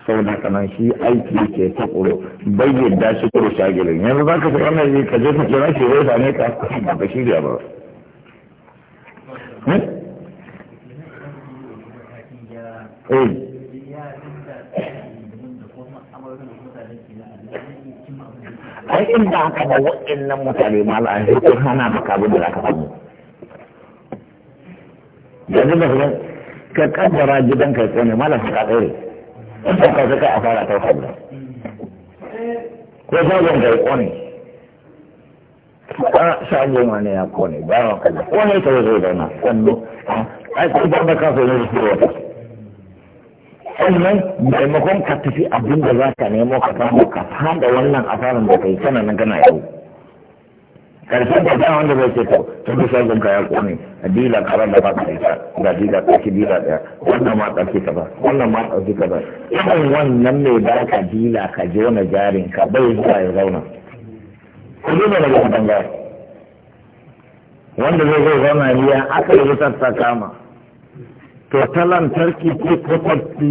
sau da kanan shi aiki ke ta ƙuro da shi ƙuro shagilin yanzu za ka fi wannan yi ka je ka kira shi zai ne ka ba ka shirya ba hmm? Eh. ai in da aka da waɗannan mutane mala an sai hana maka abin da za ka samu yanzu da kuma ka kaddara gidan kai tsone mala su ka tsere in ka kai kai a fara ta fadda ko shagon kai kone ka a ma ne ya kone ba ka kalla kone ta zo da na sannu ai ko ba ka so ne su wata sannan maimakon ka tafi abin da za ka nemo ka samu ka fada wannan asarar da kai sana na gana yau karshen da ba wanda zai ce to ta bisa shagon ya kone a dila karar da ba ka ta ga dila ɗauki dila ɗaya wannan ma ɗauki ka ba wannan ma ɗauki ka ba irin wannan mai ba ka dila ka je wani jarin ka bai zuwa ya zauna ku duba da ga bangare wanda zai zai zauna biya aka yi wutar ta kama to ta lantarki ce ko ta eh,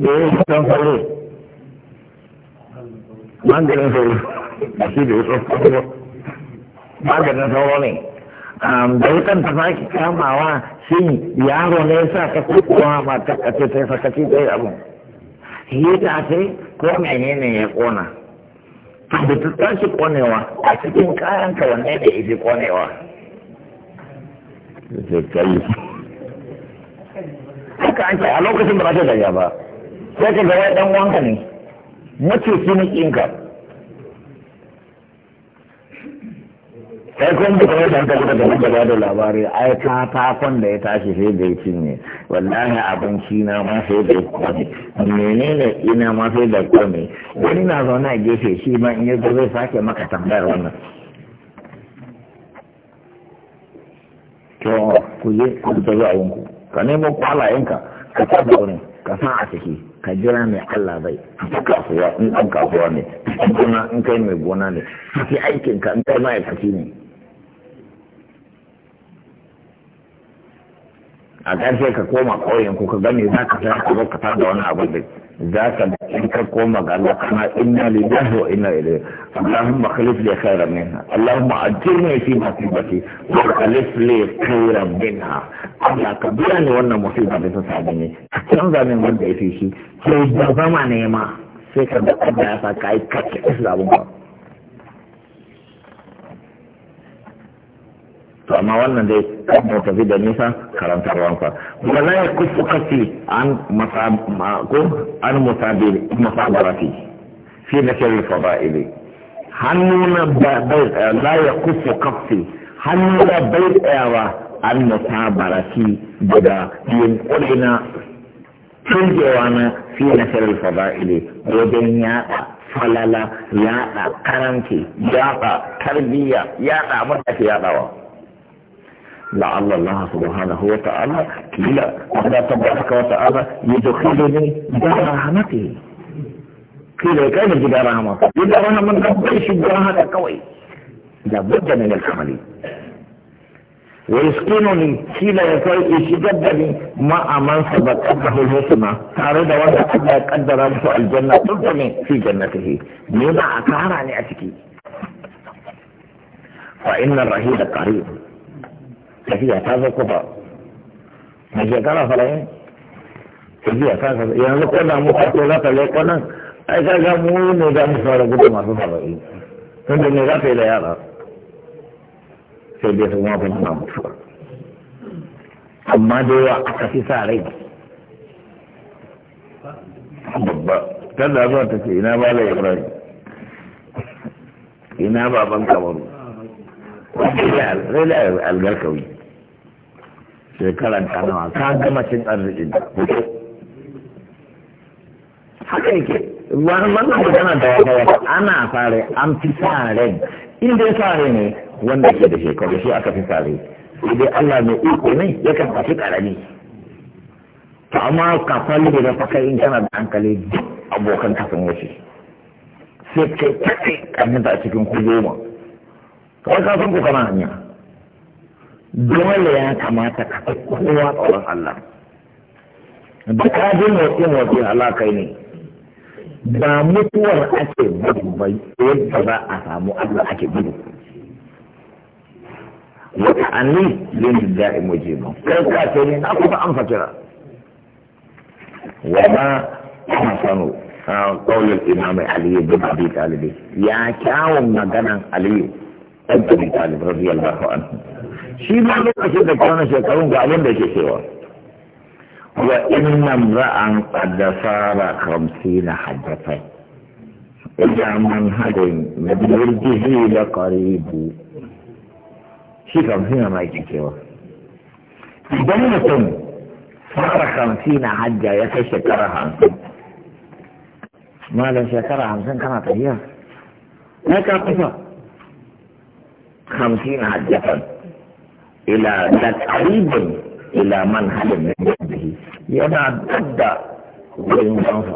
da ya yi kan faru maganin faru da shi da wutsar kuma maganin faru ne da wutan ta sake kamawa shi yaro ne sa ta kukuwa ba ta kace ta sakaci ɗaya abu ta ce ko menene ya kona to da ta tashi konewa a cikin kayan ka wanne ne ya fi konewa da ta haka an kai a lokacin ba za ta ba sai ka gaya dan wanka ne mace shi ne kinka sai kun duka yadda ta kuka da gaba da labari ai ta tafon da ya tashi sai da ya cinye wallahi abinci na ma sai da ya kwane ne ina ma sai da kwane wani na zaune a gefe shi ma in yanzu zai sake maka tambayar wannan to ku je ku tafi a yanku ka nemo kwalayenka ka ta da ka sa a ciki ka jira mai Allah bai kasuwa in ɗan kasuwa ne gona in kai mai gona ne fi aikin ka in kai ma'aikaci ne a ƙarshe ka koma ƙauyen ko ka gane za ka sai ka zo ka tada wani abin da za ka in ka koma ga Allah kana inna lillahi wa inna ilaihi Allahumma khalif li khairan minha Allahumma ajirni fi wa khalif li khairan minha Allah ka biya ni wannan musiba da ta sabu ne kan zamin wanda yake shi sai ba ma sai ka da Allah ya saka kake ba to amma wannan dai kan mu tafi da nisa karantar wanka kuma la yakufu kafi an ko an musabiri musabarati fi nakil hannu na bai la yakufu kafi hannuna bai tsayawa an musabarati daga yunkurina tunjewa na fi nakil fadaili wajen yaɗa falala yaɗa karanci yaɗa tarbiyya yada mutake yaɗawa. لعل الله سبحانه وتعالى إلى أن تبارك وتعالى يدخلني دار رحمته كده كيف جدار رحمته جدار رحمته ليس جدارها لا بد من العمل ويسكنني كلا يكوي يشجدني ما أمان سبق سبقته الحسنى تعرض وضع قد قدر له الجنة تلتمي في جنته أكار أكارني أتكي فإن الرهيب قريب tafiya ta zo kufa a shekara farai tafiya ta zo yanzu ko da mu ko za ta leko nan ai ka ga mu ne da mu fara gudu masu farai tunda ne za ta yi da yara sai dai su ma fa na mutuwa amma da yawa aka fi sa rai babba kada zuwa ta ce ina ba la ibrahim ina ban kamaru wanda ya algarkawi shekaran kanawa ka gama cin da haka yake wannan magana da wata wata ana fare an fi sa rai in dai sa ne wanda ke da shekaru shi aka fi sare sai dai Allah mai iko ne kan tafi karami to amma ka falle da fakai in kana da hankali abokan kafin wuce sai kai kai kamin ta cikin ku kawai ka san ku kana hanya dole ya kamata ka fi kowa tsoron Allah da ka ji motsi motsi kai ne ba mutuwar ake gudu ba yadda za a samu Allah ake gudu wata annin yin da'i ba kai ka ce ne na kuma an fakira Wama kuma sanu kawulin imamai aliyu bin abi talibi ya kyawun maganan aliyu ɗan abi talib radiyallahu anhu shi ma lokacin da kwanan shekarun ga abin da ke cewa wa inna ra'an qaddafara khamsina hadatha ila man hadin nabiyul jihi la qaribu shi khamsina ma ke cewa idan mutum fara khamsina hajja ya kai shekara hamsin malam shekara hamsin kana tafiya na ka kusa khamsina hajjatan ila da qaribin ila man halin bihi yana dadda wurin kansa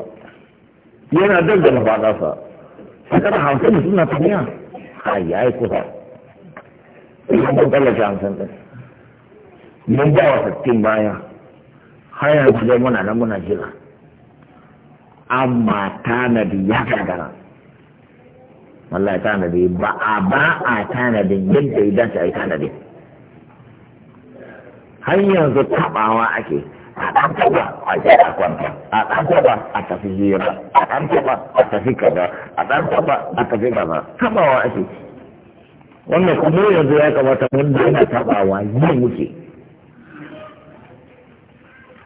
yana dadda mafadarsa sakar hamsin suna tafiya ai baya har a tanadin yadda ya har yanzu taɓawa ake a ɗan taɓa a ke a kwanta a ɗan taɓa a tafi hira a ɗan taɓa a tafi kaza a ɗan taɓa a tafi kaza taɓawa ake wannan kuma yanzu ya kamata mun daina taɓawa yi muke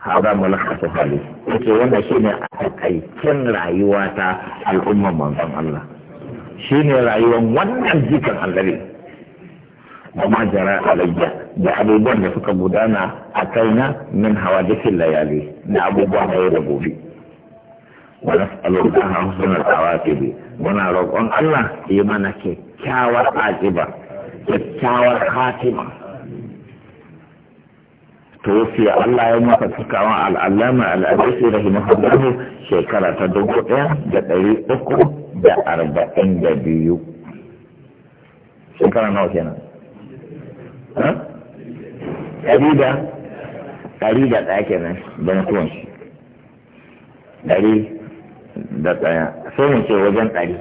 haɗa malakatu hali yake wanda shi ne a takaicin rayuwa ta al'umman manzon Allah shi ne rayuwar wannan jikan ne. amma jara alayya da abubuwan da suka gudana a kaina min hawa dukkan layali na abubuwa na yau gobe wani alwada na husun al'awa ke bi muna roƙon allah yi mana kyakkyawar aƙiba kyakkyawar hatima to fi allah ya maka cikawa al'allama al'adisi da himahallahu shekara ta dubu ɗaya da ɗari uku da arba'in da biyu shekara nawa kenan ɗari da ɗari da ɗaya kenan don kuwan shi ɗari da ɗaya sai mu ce wajen ɗari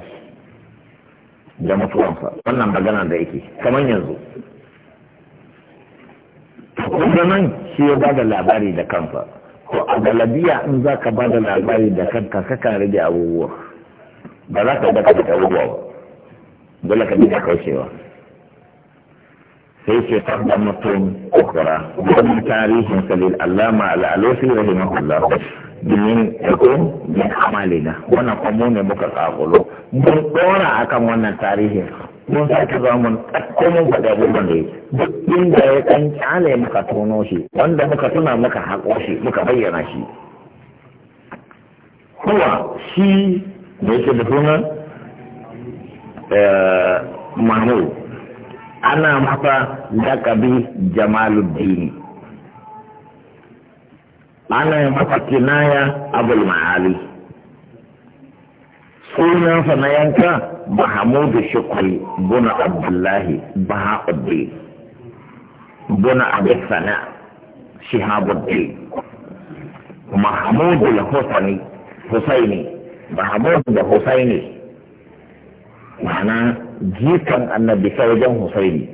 da mutuwansa wannan magana da yake kamar yanzu kuma nan shi ya ba da labari da kansa to a galabiya in za ka ba da labari da kanka kakan rage abubuwa ba za ka da ka abubuwa ba dole ka bi da kaushewa. sai ce tabba mutum ukura wani tarihin kalil allama al'alofi Allah domin ko bin amalina wannan kuma ne muka kakulo mun dora akan wannan tarihin mun sake za mun ɗauko mun faɗa abubuwan da duk inda ya ɗan kyale muka tono shi wanda muka tuna muka haƙo shi muka bayyana shi kuma shi da yake da sunan eh, mahmud ana masa lakabi jamaluddini ana masa kinaya abul ma'ali sunansa na yanka mahamudu shukri buna abdullahi baha'uddin buna abin sana shihabuddin mahamudu husani husaini mahamudu da husaini ma'ana jikan annabi ta wajen husaini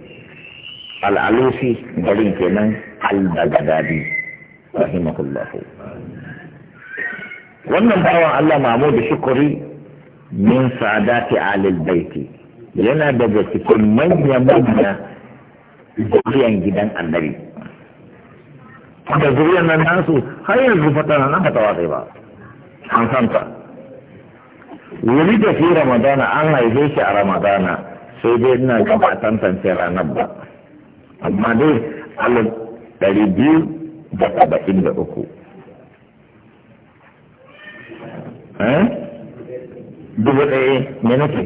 al'alusi garin kenan al-dagadadi rahimahullahu wannan bawan Allah Mahmud Shukuri min sadati alil baiti yana daga cikin manya manya zuriyan gidan annabi da zuriyan nan nasu har yanzu fata nan fatawa sai ba an ta wuri da fi ramadana an haife shi a ramadana sai dai ina gaba a tantance ranar ba amma dai alif ɗari biyu da saba'in da uku eh? dubu ɗaya ne nake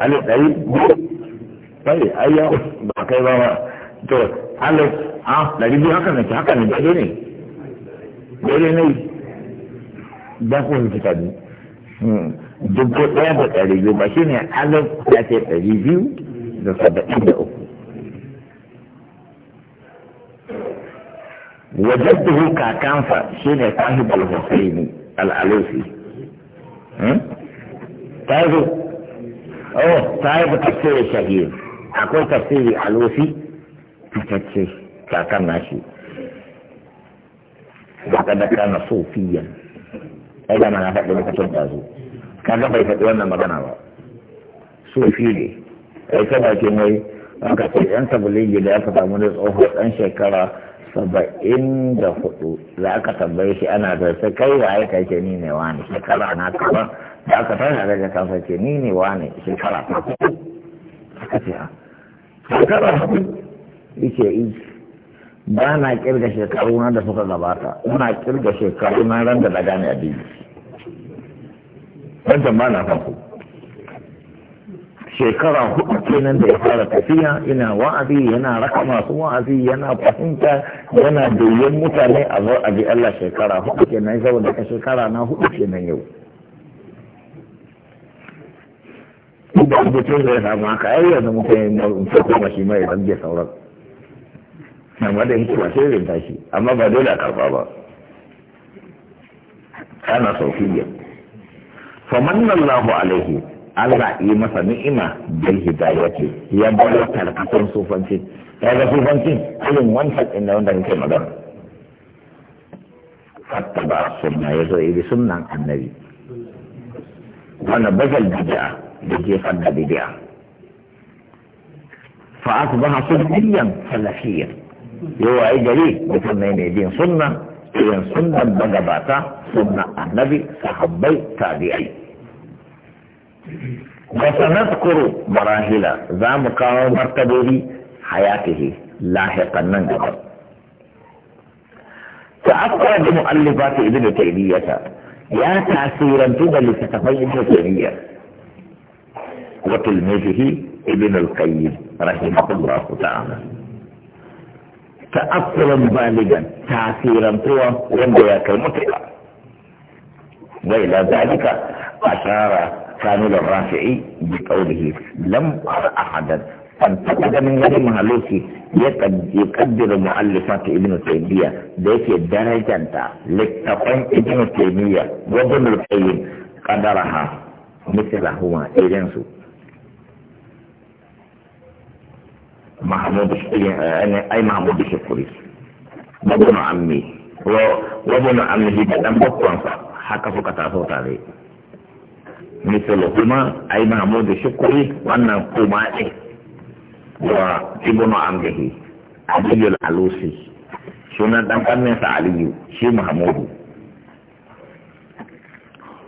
alif ɗari biyu bai ayya ba kai ba ba to alif a ah, ɗari biyu haka nake haka ne daidai ne daidai ne don kun ne dubu ɗaya da ɗari biyu ba alif ya ce ɗari biyu da saba'in da uku kakansa husaini al oh shahir akwai tafsiri alusi fitacce kakan nashi daga daga na sofiyan ai da na faɗi lokacin da zo kaga bai faɗi wannan magana ba sufi ne ai ta baki mai aka ce yan tablighi da aka samu da tsoho ɗan shekara saba'in da hudu za aka tambaye shi ana da sai kai wa aika ce ni ne wani shekara na kaza da aka tana daga kansa ce ni ne wani shekara ta hudu aka ce ha ah, shekara hudu yake yi ba na kirga shekaru na da suka gabata ina kirga shekaru na ran da na gane addini wancan ba na farko shekara hudu kenan da ya fara tafiya ina wa'azi yana raka masu wa'azi yana fahimta yana doyen mutane a zo a bi Allah shekara hudu kenan saboda ka shekara na hudu kenan yau idan mutum zai samu haka ai yanzu mutum ya koma shi mai zan sauran na da yin kuma sai rinta shi amma ba dole a karba ba ana Fa famanna Allahu alaihi Allah yi masa ni'ima bil hidayati ya bar tarkatan sufanci kaga sufanci irin wancan inda wanda kake magana fattaba sunna ya zo yi sunnan annabi wanda bagal bid'a da ke fadda bid'a fa asbaha sunniyan salafiyyan yawa ai gari mutum ne mai bin sunna irin sunnan magabata sunna annabi sahabbai tabi'ai وسنذكر مراحل ذا مقام مرتبه حياته لاحقا ننجح تأثر بمؤلفات ابن تيمية يا تأثيرا تبا لتتفين ابن تيمية وتلميذه ابن القيم رحمه الله تعالى ta ta'asirin baligan ta tuwa wanda ya kai mutuwa wai da zalika a shara rafi'i bi kaulihi lam ar ahadan an taba ganin yari mahalusi ya kaddira mu'allifa ta ibnu da yake darajanta littafin ibnu taymiya wa ibnu qayyim qadaraha mithla huwa irin su mahmud ɛɛ eh, eh, ay mahmud bi sukuri bɔbɔ nɔ ami wɔ bɔbɔ nɔ ami bi bɛ dambɔ kɔnfa haka sukuri wannan kuma eh. wa ibo nɔ ami bi ale yɛlɛ alo si suna dankan mɛ sa ale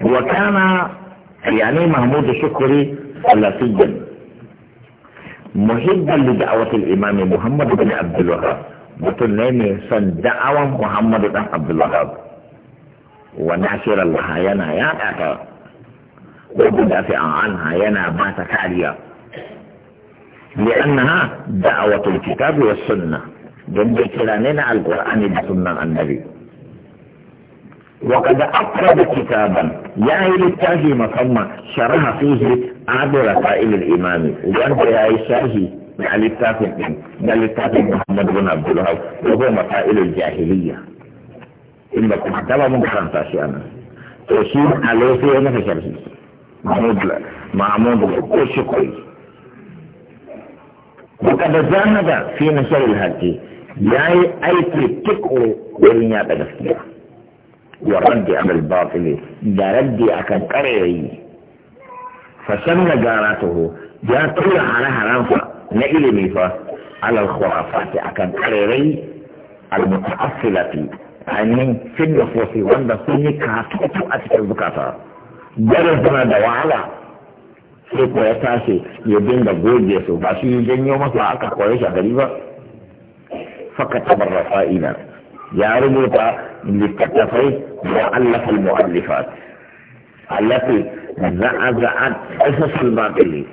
wa kana yanni mahmud bi ala fi محبا لدعوة الإمام محمد بن عبد الوهاب بطلين سن دعوة محمد بن عبد الوهاب وناشر الله ينا يا تاتا ودافع عنها ينا ما تكاليا لأنها دعوة الكتاب والسنة جنب على القرآن بسنة النبي وقد أقرب كتابا يا يعني للتاجي مصمم شرح فيه عبر قائل الإمام وأنت يا إشاهي مع للتافه ده للتافه محمد بن عبد الوهاب وهو مسائل الجاهلية إلا كنت تبا ممكن تاشي أنا تشير عليه في أنا في شرحي محمود محمود كل شكري وقد جاهد في نشر الهدي ياي أي تكو ورنيا تغسكيها والرد على الباطل ده ردي أكن كريري فسن جاراته جاء كل على حرام فا نعلمي فا على الخرافات أكن كريري المتأصلة يعني في النفوس وانا سنة كاتوتو أتكذكتا جرس دنا دوالا في قويتاسي يبين دا قول جيسو باشي يجن يوم اسلا أكا قويشا غريبا فقط برفائنا يا رجل تا لتكتفي مؤلف المؤلفات التي za'aza'at ƙasashen batili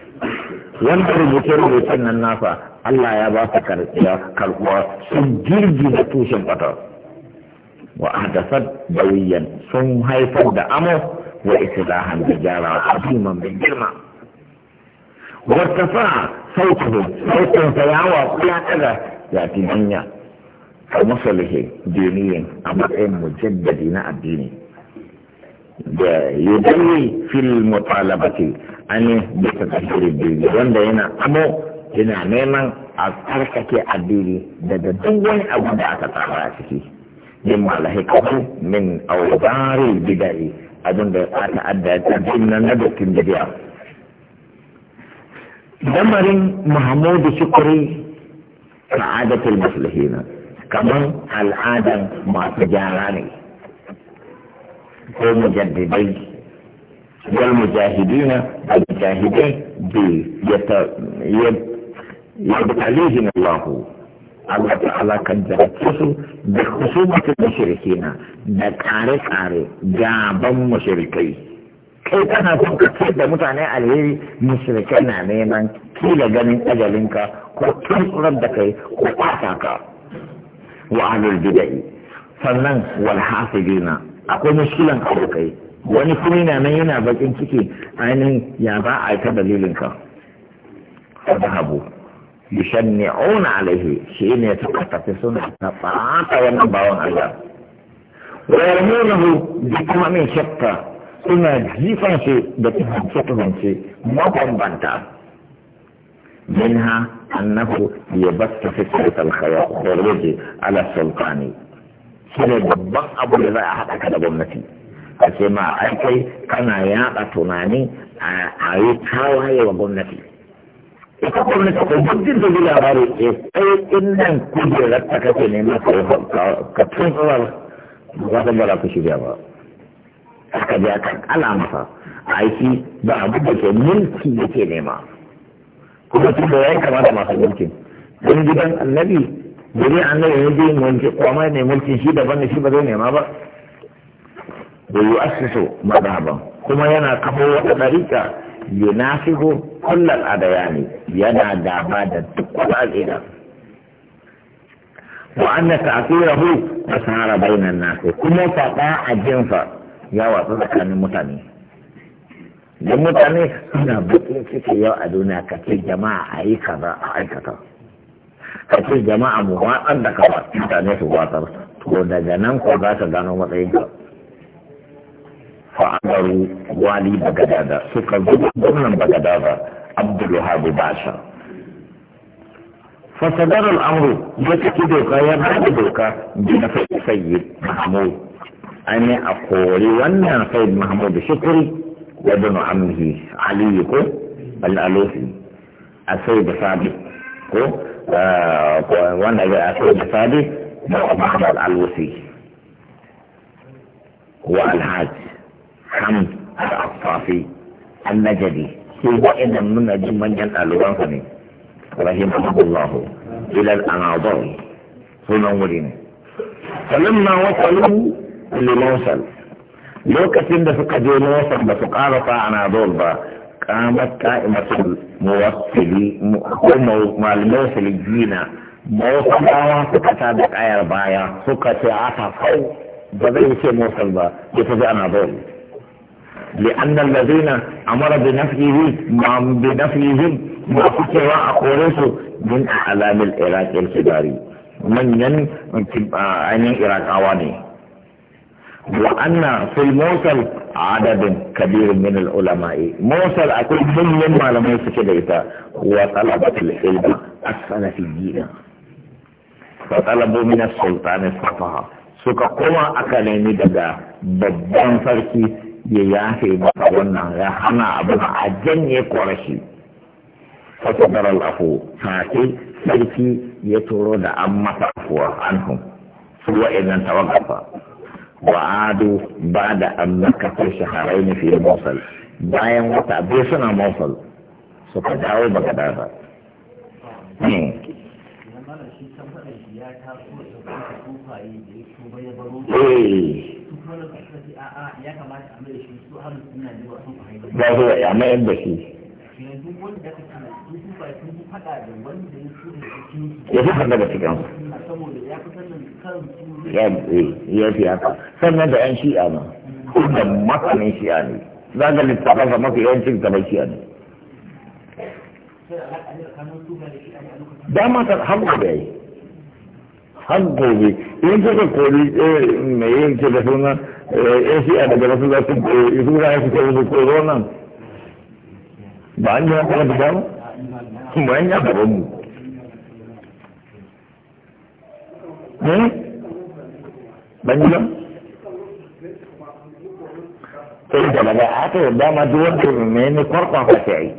wanda rubuce rubutun nan nasa Allah ya ba su karkuwa sun da tushen fatar wa hadasar bayyan sun haifar da amo wa islahan da gyara aziman mai girma wata fa sautuhu sautunsa ya wa kula daga fi hanya a musulihi duniyan a matsayin mujaddadi na addini da yudanni fil mutalabati an bisa tafsirin biyu wanda yana amo yana neman a tsarkake addini daga duk wani abu da aka tsara a ciki min malahikatu min auzari bidai abin da ya adda ta dinna na dokin bidiya damarin mahmudu shukuri ka'adatul muslihina kaman al'adan masu gyara ne ko mujaddidai wal mujahidina al mujahidai bi yabtalihim Allah Allah ta'ala kan jarabce su da husumatul mushrikina da kare-kare gaban mushrikai kai kana son ka ce da mutane alheri mushrikai na neman kila ganin ajalinka ko tsurar da kai ko kwata ka wa ahlul bid'ah sannan wal hasidina akwai mushkilan abokai wani kuma yana nan yana bakin ciki ainihin ya ba a ta dalilin ka fadahabu yushanni'una alaihi shi ne ta tafi suna ta ɓata wannan bawan Allah nuna hu bi kuma min shakka suna jifan shi da tuhance tuhance mabambanta منها أنه يبث فكرة الخروج ala sultani. shi ne babban abu da za a haɗa ka da gwamnati a ce ma ai kai kana yaɗa tunani a yi tawaye wa gwamnati ita gwamnati ko gudun da zai labari ke tsaye in nan kujerar ta kake nema ka tun tsawar ba ta bara ku shirya ba aka je aka ala masa aiki ba abu da ke mulki yake nema kuma tun da ya kamata masu mulkin don gidan annabi Buri annabi ya je mulki kwamai ne mulkin shi daban ne shi ba zai nema ba da yi asiso madaban kuma yana kafa wata ɗarika yunafihu a dayani. yana gaba da duk wani al'ida wa anna ta'sirahu asara bainan nas kuma faɗa a jinfa ya watsa tsakanin mutane da mutane suna bakin ciki yau a duniya kace jama'a a yi kaza a aikata ka ce jama'a mu watsar da ka mutane su watsar to daga nan ko za ka gano matsayin ka fa'adaru wali bagadada suka zuba gwamnan bagadada abdulwahab basha fasadar Amru ya ciki doka ya bada doka gina sayyid mahmud an yi a kori wannan sayyid mahmud shukuri wa bin aliyu ko al'alofi a sai da sabi ko wanda ga akwai misali na Muhammad Al-Wusi wa Al-Hajj Hamd Al-Affafi Al-Najdi sai wa'annan muna jin manyan ɗalibansa ne rahimahullahu ila al-anadar sunan wuri ne falamma wasalu li Mosul lokacin da suka je Mosul ba su ƙara sa anadol ba قامت قائمة الموصلي الموصلين موصلاwa suka ta da kayar baya آية ربايا aka عطا فو zai ce موصل با ya أنا دول لأن الذين أمر بنفيه ما بنفيهم ما فكر أقوله من أعلام العراق الكباري من ين أن العراق أواني وأن في الموصل عدد كبير من العلماء موصل أقول من ما لم يسكت وطلبة العلم أسفل في الدين فطلبوا من السلطان الصفحة suka koma aka nemi daga babban sarki ya yafe masa wannan ya hana abin a janye kwarashi fasadar al'afu sarki ya turo da an masa afuwa an hun su wa'in da بعد أن مكثوا شهرين في الموصل bayan wata biyu suna mosul suka dawo baka dafa ba su da yamma yan da shi ya fi fada da cikin saboda ya kan Eh, ya fi haka sannan da yan shi'a ma da makamin shi'a ne za ga littafin sa mafi yawancin gaban shi'a ne dama ta hango da yi hango ne in ka kori eh, mai yin ce da suna eh, yan shi'a daga wasu za su kori su za su su koro nan ba an yi haka da ba ba an yi haka ba mu hmm? ban yi sai da daga haka ya dama duk wanda mai ne kwarkwan fashe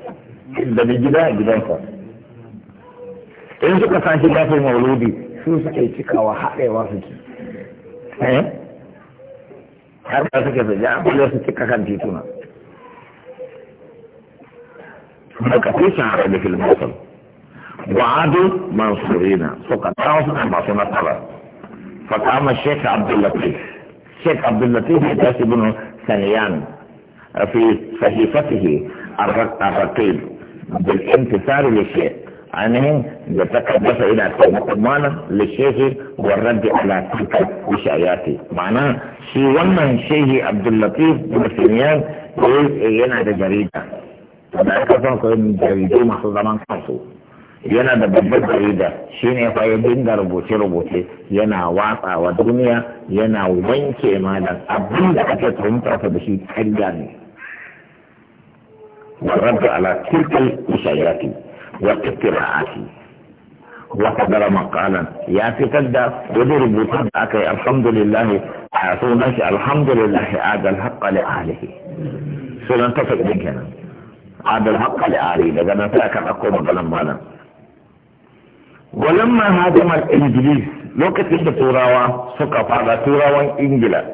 yi da bi gida a gidan gidansa in suka san shi gafin mauludi su suke cikawa haɗewa suke eh? har da suke su ja kullum su cika kan tituna daga fi shahara da filmosan wa'adu mansurina suka tawo suna masu nasara فقام الشيخ عبد اللطيف الشيخ عبد اللطيف حداث بن سنيان في صحيفته الرقيب بالانتصار للشيخ يعني يتكلف الى توبه المال للشيخ والرد على تلك الشايات معناه شي ومن شيخ عبد اللطيف بن سنيان يقول إيه ينا ده جريده فده كان جريده محفوظه من خمسه yana da babbar jarida shine fa ya dinga rubuce-rubuce yana watsawa duniya yana wanke malam abin da ake tuhumta da shi karya ne والرد على تلك الإشاعات والاقتراعات وقدر مقالا يا في كدا وضرب تبعك الحمد لله حاسونك الحمد لله عاد الحق لأهله سنتفق بك هذا الحق لأهله لقد نتاك أقوم بلما لم walamma al ingilis lokacin da turawa suka fada turawan ingila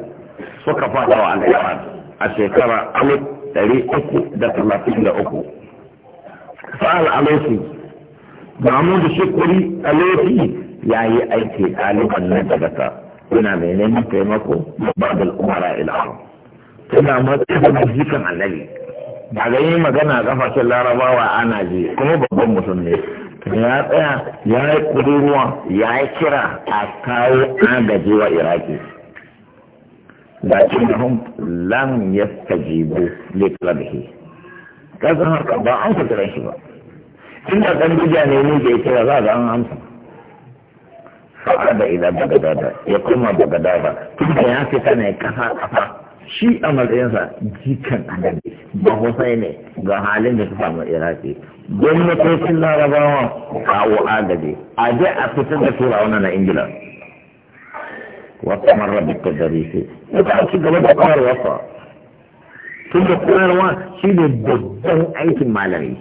suka fada wa al'aman a shekara alif dari uku da talatin da uku fa'al alaisu mahmudu shukuri alaisu ya yi aiki ɗaliban nan daga ta yana mai neman taimako ba da al'umara ila'ar tana matsayin jikan annabi ba ga yi magana a kafashin larabawa ana ji kuma babban mutum ne ya tsaya ya yi ƙudurwa ya yi kira a kawo agaji wa iraki lakinnahum lam yastajibu da talabihi ƙasar haka ba an ku kiran shi ba da ɗan bija ne ni da kira za ga an amsa fa'ada ila bagadada ya koma bagadada da ya fita ne kafa kafa shi a matsayinsa jikan annabi ba kusai ne ga halin da ta samu iraki gwamnatocin larabawa kawo agaji a je a fitar da turawa na ingila wata bukka da rufe ya ta ci gaba da koyarwa tun da koyarwa shi ne babban aikin malami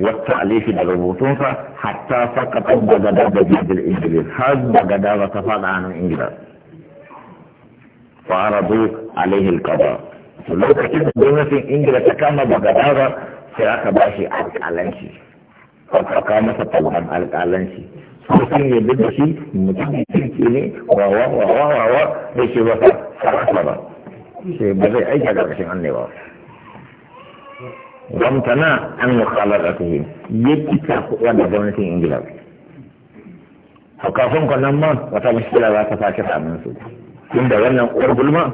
wata alifi da rubutunsa hatta sakatar da gada da jirgin Ingila. har da gada ba ta fada hannun ingila Fara فعرضوا عليه القضاء lokacin da gwamnatin ingila ta kama daga dara sai aka ba shi alƙalanci aka kawo masa talhan alƙalanci sun yi duk da shi mutum kirki ne wawa wawa wawa da shi ba sarrafa ba sai ba zai aiki a ƙarƙashin annewa na an mukhalar a tuhim yadda ta kuɗa da gwamnatin ingila kafin kwanan ma wata mashkila za ta fashe samun su tunda wannan uwar gulma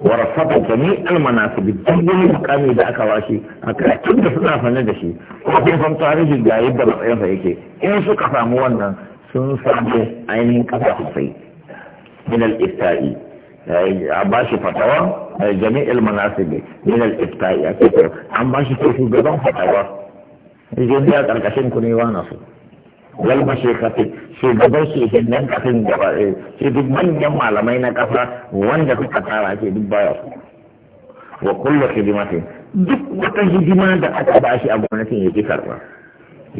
warasata jami'al manasibi duk wani mukami da aka washe, a karatun da suna sane da shi ko kun san tarihi ga yadda matsayinsa yake in suka samu wannan sun samu ainihin kasa sosai min al-iftai a bashi fatawa eh, jami'al manasibi min al-iftai a cikin an bashi ko shugaban fatawa yanzu ya karkashin ku ne wa nasu wal mashekati shugaban shekinan kasin gaba ce duk manyan malamai na kasa wanda suka tsara ce duk baya su wa kullu hidimatin duk wata hidima da aka ba shi a gwamnatin ya ki karɓa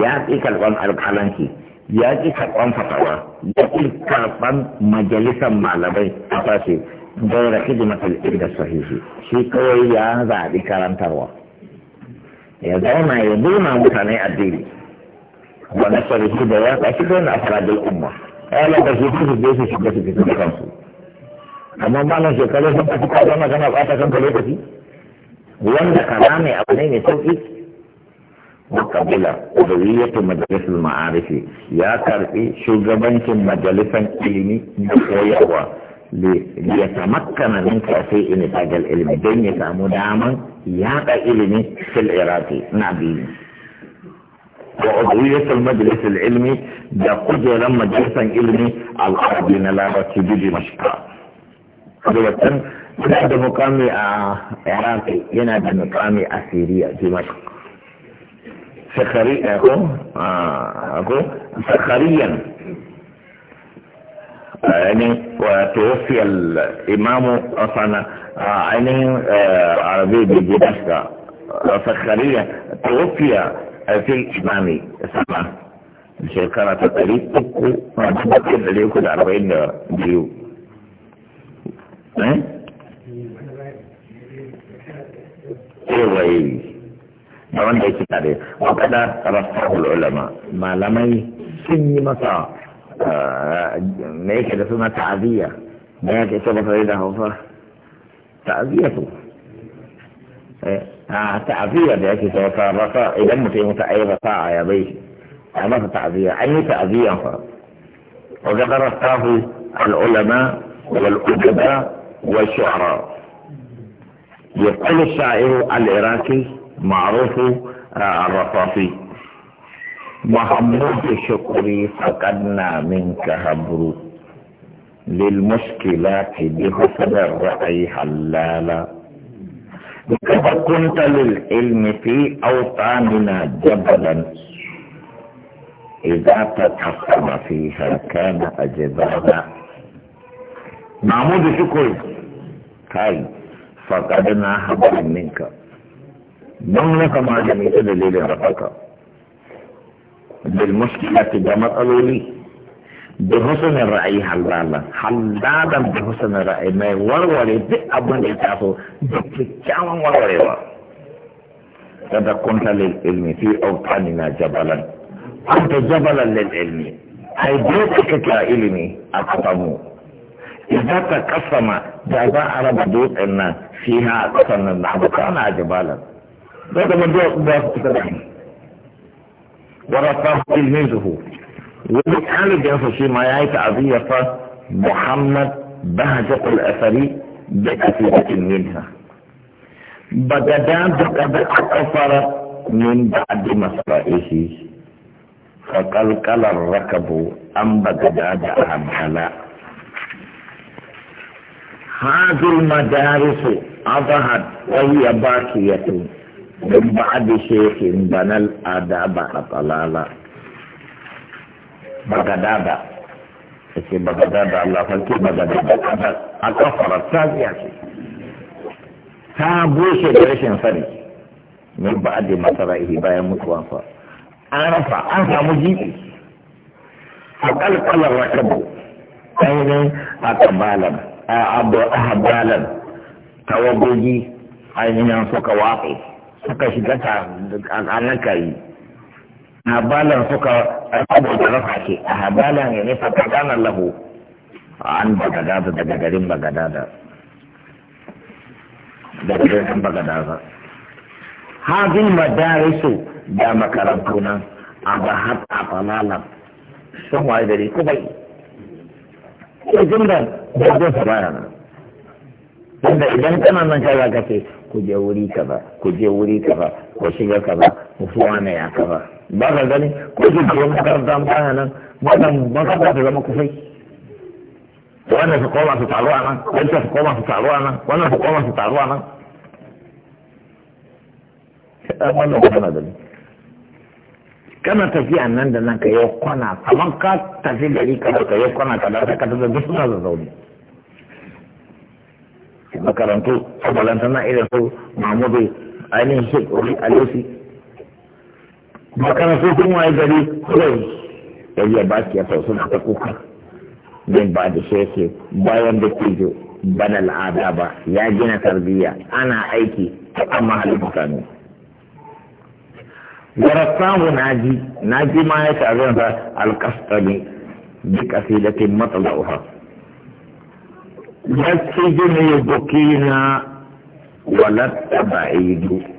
ya ki karɓar alƙalanci ya ki karɓar fatawa ya ki karɓar majalisar malamai a fashe gaura hidimatul da sahihi shi kawai ya zaɓi karantarwa ya zauna ya nuna mutane addini ونشر الهداية أكيد أن أفراد الأمة أنا بشوفه في البيت في البيت في الخمسة أما ما أنا شكله لم أتكلم أنا كان أبغى أتكلم وأنا كلامي أبني نسوي مقابله أدوية مجلس المعارف يا كربي شو جبان مجلسا علمي بقوة ليتمكن من توفيء نتاج العلم دين يتعمو داما يا علمي في العراق نعم وعضوية المجلس العلمي قد لما جلسا علمي على الأرض نلابة بدمشق دلوقتي yana da mukami a iraq yana da mukami a syria dimashq sakari ko ko يعني وتوفي الإمام أصلا آه، عينين آه، عربي بدمشق فخريا توفي fil imami sama shekara ta ɗari uku a tabbatin ɗari uku da arba'in da biyu kewaye eh? da wanda yake tare wa kada rasahul ulama malamai sun yi masa me yake da suna ta'aziyya me yake ce ba da hausa ta'aziyya su eh? a ta'aziyya da yake kai fa rasa idan mutum mutu ayi rasa a yabai a masa ta'aziyya an yi ta'aziyya fa wa zakara sahu al-ulama wal udaba wa shu'ara يقول الشاعر العراقي معروف الرصافي محمود شكري فقدنا منك هبر للمشكلات بحسن الرأي حلالا لقد كنت للعلم في أوطاننا جبلا إذا تتحكم فيها كان أجبانا معمود شكر هاي فقدنا نهبا منك لك ما جميل دليل ربك بالمشكلة ده ألولي بحسن الرأي حلالا حلالا بحسن الرأي ما يوروري بأبن إتافو بكتاما وروري قد كنت للعلم في أوطاننا جبلا أنت جبلا للعلم أي بيتك كعلمي أقطمو إذا تقسم جزاء رب دوت إن فيها قسم النعب كان جبالا هذا من دوت ورثه تلميذه واللي اتقالت بها فشي ما يعيك عظيفة محمد بهجة الأثري بأفيرة منها بجدان دقا بأكفر من بعد مسرائه فقل قل الركب أم بجداد أم حلا هذه المدارس أظهر وهي باكية من بعد شيخ بنى الآداب أطلالا bagadada yake bagadada Allah farki bagadada a kafara ta biya ce ta bushe da rashin sani min ba da masara ihi bayan fa an rafa an samu jibi a kalkalar rakabu ainihin a kabalan a abu a habalan tawagogi ainihin suka wafe suka shiga ta a nan habalan suka saboda rafa ce a habalan ya nufa kaganar lahu an bagadaza daga garin bagadaza daga garin bagadada madari su da makarantu nan a ba a falala sun waye gari kubai yanzu da gudun sa baya nan tunda idan kana nan kaza ka ce ku je wuri kaza ku je wuri kaza ku shiga kaza ku fi wane ya kaza ba ka gani ko shi ga makaranta mutane nan wannan makaranta ta zama kufai wannan su koma su taruwa nan wancan su koma su taruwa nan wannan su koma su taruwa nan ɗan wannan kana gani kana tafiya nan da nan ka yi kwana kamar ka tafi gari ka ka yi kwana ka dace ka tafi duk suna da zaune makarantu sabalanta na irin su mamudu ainihin shek ali alisi ba kana so kun waye gari kawai yayi ya baki ya sau suna ta kuka zai ba da shi yake bayan da ke zo bana al'ada ba ya gina tarbiyya ana aiki ta amma halin mutane warasahu naji naji ma ya ta zan sa da ke matsala uha ya ce jini ya bukina walatta duk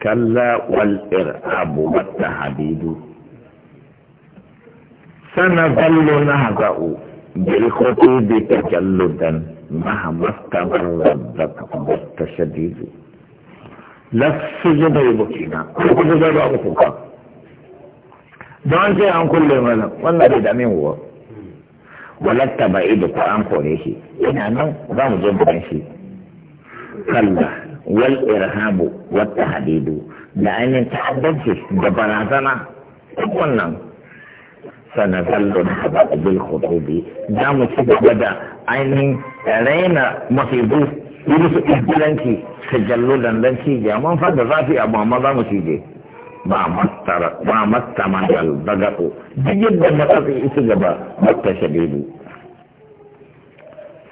kalla wal irhabu wat tahdidu sana ballo na haza'u bil khutubi tajalludan mahama tabarra dakka tashdidu lafsu da na. ko da ba ku kuka. don sai an kulle mana wannan bai da min wa walatta ba ido ko an kore shi ina nan za mu je mu shi kalla wal irhabu wata hadidu da ainihin ta'addanci da barazana wannan sannan kallon haɓa khutubi za mu ci gaba da ainihin raina mafibu yi musu ibilanci tajallo dandan cije mun fa da zafi abu amma za mu cije ba mastara ba mastaman albagaɗo duk yadda matsatsi isi gaba wata shabibu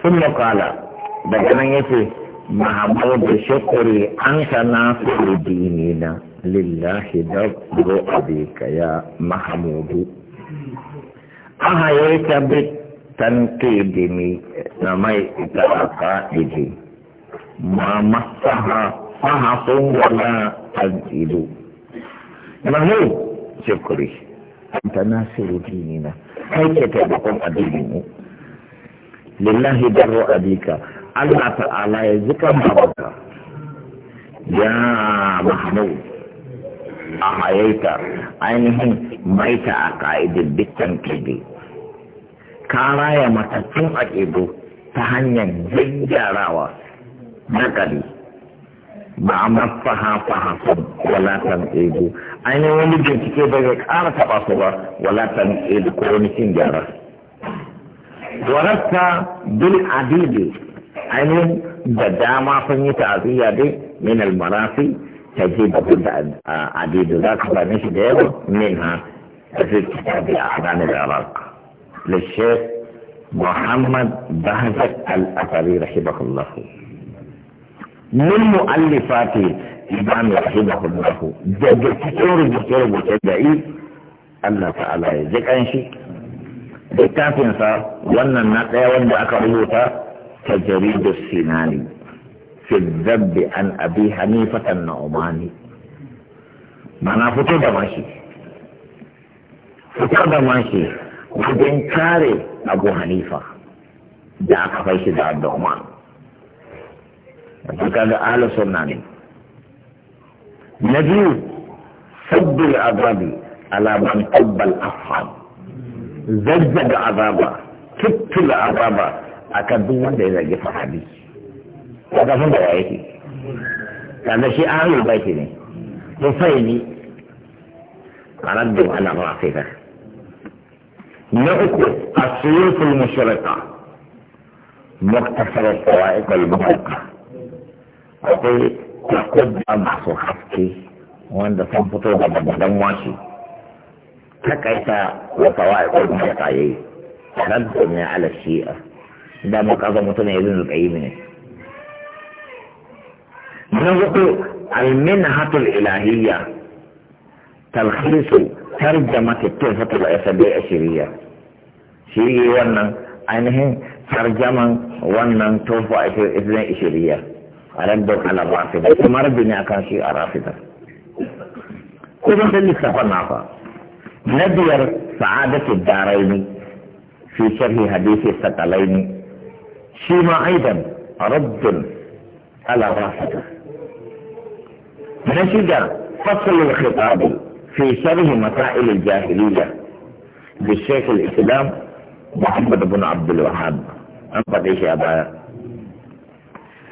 sun makala daga nan yake ma bu da shukuri an na fi dinina lillahi da ro ya mahamudu an haye ta bi da ni na mai ita a fa'ili ma masa ha faha sun gwada a jilu ma ne shukuri an ta na lillahi da ro Allah ta'ala ya zika babanka ya mahmud a hayaita ainihin maita a ka'idin dukkan kebe ka raya matattun a kebo ta hanyar gyarawa na gari? ba a hafa hafa walatan ego ainihin wani bincike ba zai kara taba su ba walatan ego wani cin gyara warasta bil adidi علم بدام عفني تعطيه دي من المرافي تجيب عديد ذاك فنش ديو منها في كتاب أحضان العراق للشيخ محمد بهزك الأثري رحمه الله من مؤلفات إمام رحمه الله جد كتور بكتور بكتدعي الله تعالى ذكر شيء دكاتين صار وانا النقيا وانا أكبروا كجريد السنان في الذب عن أبي حنيفة النعماني معناها فتو دماشي فتو دماشي وبين كاري أبو حنيفة دا كفايش دا النعمان فكاد أهل سنان نجيب سد الأضرب على من قبل أفهم زجد عذابا كت الأضرب akan duk wanda ya zargi sahabi daga mun da yake kaga shi ahlul baiti ne rufaini taraddu ala rafida na uku asuyuful mushrika muktasar al-qawaid al muhaqqa akwai takubba masu haske wanda sun fito da babban washi kaita wa sawa'iq al muhaqqa yayi taraddu ne ala shi'a da mu kaza mutum ya zunzu tsayi ne na hudu alminhatul ilahiyya talkhisu tarjamat tufatul asabi ashiriya shi wannan ainihin tarjaman wannan tofa izinin ishiriya a raddon ala rafida kuma rabbi ne akan shi a rafida kuma da lissafan nafa na biyar sa'adatu daraini fi sharhi hadisi sakalaini فيما أيضا رد على الرافضة نسج فصل الخطاب في شرح مسائل الجاهلية للشيخ الإسلام محمد بن عبد الوهاب أن بديش ابا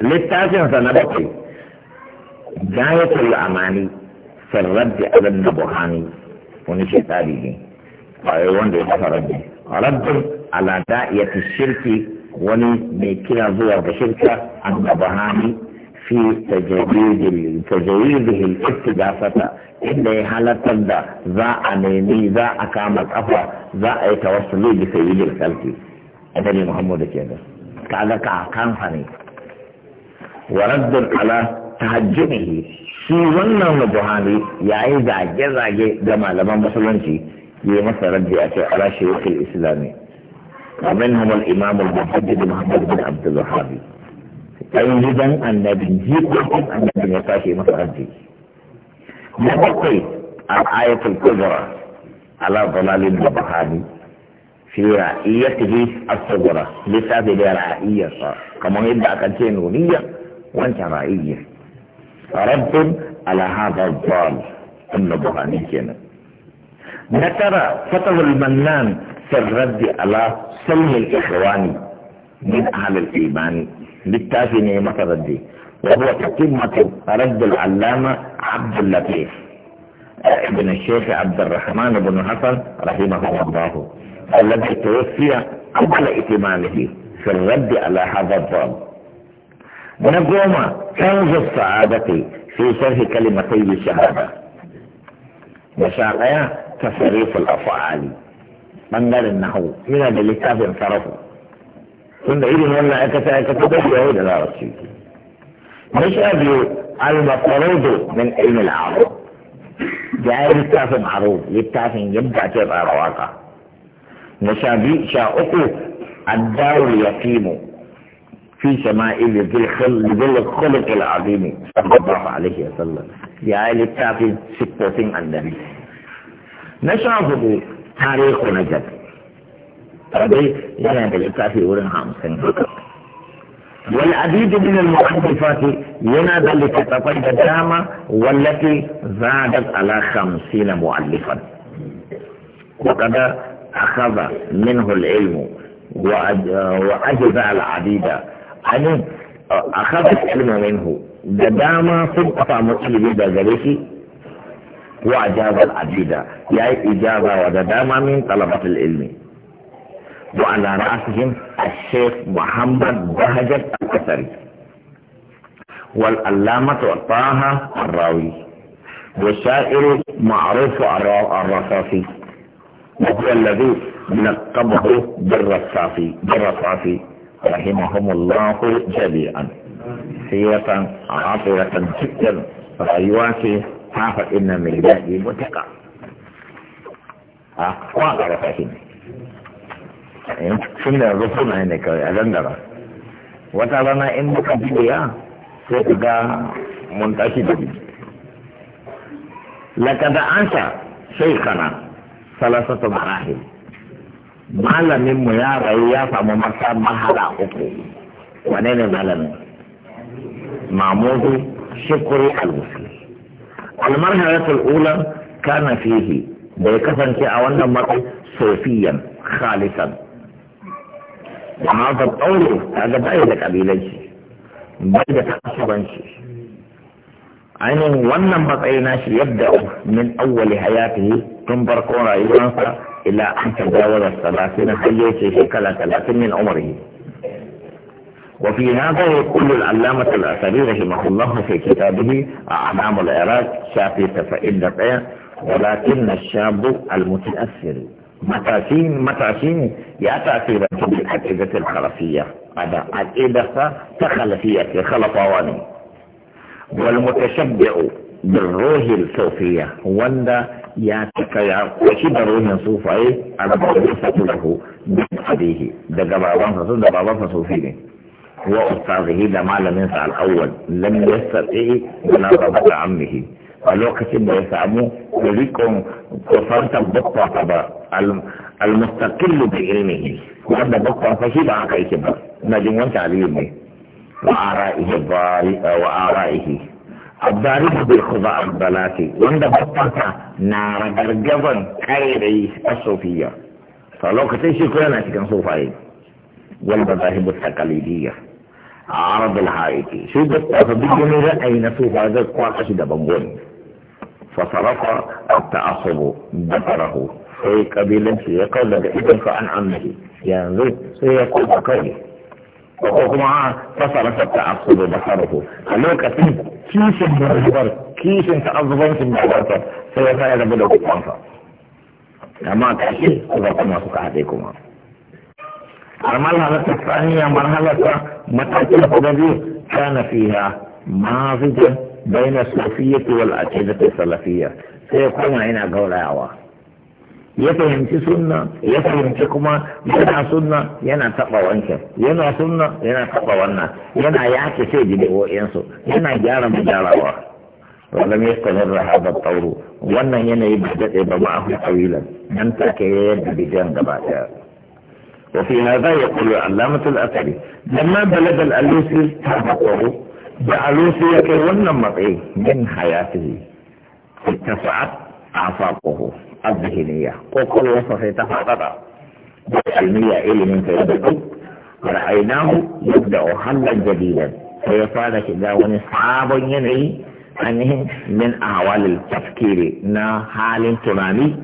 للتاسع سنبقي جاية الأماني في الرد على النبوحاني ونشي تاريخي وأيوان رد على داعية الشرك wani mai kira zuwa ga shirka annabahani fi tajawidil istigafata inda ya halartar da za a nemi za a kama kafa za a yi tawassuli bi sayyidil khalqi annabi muhammadu kenan kaga ka kansa ne wa raddun ala tahajjumihi shi wannan Buhari yayi zage-zage ga malaman musulunci yi masa raddi a ce ala shaykhul islami ومنهم الإمام المحدد محمد بن عبد الوهاب أيضا النبي ان النبي يتاشي مسألتي يبقي الآية الكبرى على ضلال البهاني في رعيته الصغرى بسبب رعية كما يبدأ كنتين نورية وانت رعية رد على هذا الضال النبهاني كنا نترى فتح المنان في الرد على سلم الإخوان من أهل الإيمان بالتالي نعمة ردي وهو تتمة رد العلامة عبد اللطيف ابن الشيخ عبد الرحمن بن حسن رحمه الله الذي توفي قبل اتمامه في الرد على هذا الضرب نقوم كنز السعادة في شرح كلمتي الشهادة مشاقية تصريف الأفعال ɓangaren nahawu yana da littafin sarafu tunda irin wannan aikata aikata da yawo da larabci na sha biyu al-maqarudu min ilmi al-arab ya yi littafin aro littafin yadda ake tsara waka na sha biyu sha uku الدار يقيم في شمائل ذي الخلق العظيم صلى الله عليه وسلم يا آل التافي سكتين النبي نشعر تاريخ نجد ربي يانا بالإتافي ورن خمسين والعديد من المؤلفات ينادى لتتطيب الدامة والتي زادت على خمسين مؤلفا وقد أخذ منه العلم وأجزى العديد يعني أخذ العلم منه da dama sun kafa mutum وأجاب العديدة يا إجابة ودداما من طلبة العلم وعلى رأسهم الشيخ محمد بهجت الكسري والعلامة طه الراوي والشاعر معروف الرصافي وهو الذي لقبه بالرصافي بالرصافي رحمهم الله جميعا سيرة عاطرة جدا رأيواته ta faɗi nan mai daɗi mutaka ah, a kuma a ƙarfa shi sun eh, da yanzu yin da kawai a zangara wata rana in muka biya sai ku ga mun tashi da biyu lakada anta shaykhana salasatu marahi malamin mu ya rayu ya samu masa mahala uku wane ne malamin mamudu shukuri al المرحلة الأولى كان فيه بيكفن في أولا مرة صوفيا خالصا وهذا الطول هذا بايدك أبي ليش بايدك حسبا شيء أين ونن بطعي ناشر يبدأ من أول حياته ثم بركون إلى أن تجاوز الثلاثين خليه شيء كلا ثلاثين من عمره وفي هذا يقول العلامة الأثري رحمه الله في كتابه أعلام العراق شافي تفائل ولكن الشاب المتأثر متاسين متاسين يا تأثيرا بالعقيدة الخلفية هذا عقيدة تخلفية خلفواني والمتشبع بالروح الصوفية وندا يا تكيا وشد روح صوفي على له من أبيه ده بابا صوفي هو وأستاذه ما لم ينفع الأول لم يسر إيه ولا ربط عمه فلو كسب يسعمه يريكم فصلت بطة طبا المستقل بعلمه وعند بطة فشيب عن كيسبا نجم وانت عليمه وآرائه وآرائه الضارب بالخضاء البلاتي وعند بطة نار برجبا كيري الصوفية فلو كسب شكرا لك كان صوفاين والمذاهب التقليدية عرب الحائط شو بس بدون اين في هذا القرآن أشد بنقول فصرف التعصب بطره في قبيلة يقول لك إذن فأن عمه ينظر يعني سيقول بقوله معاه فصرف التعصب بطره خلوه كثير كيش مرهبر كيش تعظم في المعبرة سيقول لك بدو كتانفا أما كثير أضرب ما سكحتكما المرحلة الثانية مرحلة matakin na biyu kana fiha mazijan baina sufiyyati wal ta salafiya sai ya koma yana gaurayawa ya fahimci sunna ya fahimci kuma yana sunna yana taba wancan yana sunna yana taba wannan yana yake sai bidiyoyinsu yana gyara mu gyarawa ولم wannan هذا الطور ba ينا يبدأ بمعه nan take كي يبدأ gaba daya. وفي هذا يقول علامة الأثري لما بلد الألوسي تابقه بألوسية يكون مرئي من حياته اتفعت أعصابه الذهنية وكل وصف تفقد العلمية إلي في القلب ورأيناه يبدأ حلا جديدا فيصال كذا ونصعاب ينعي أنه من أعوال التفكير نا حال تناني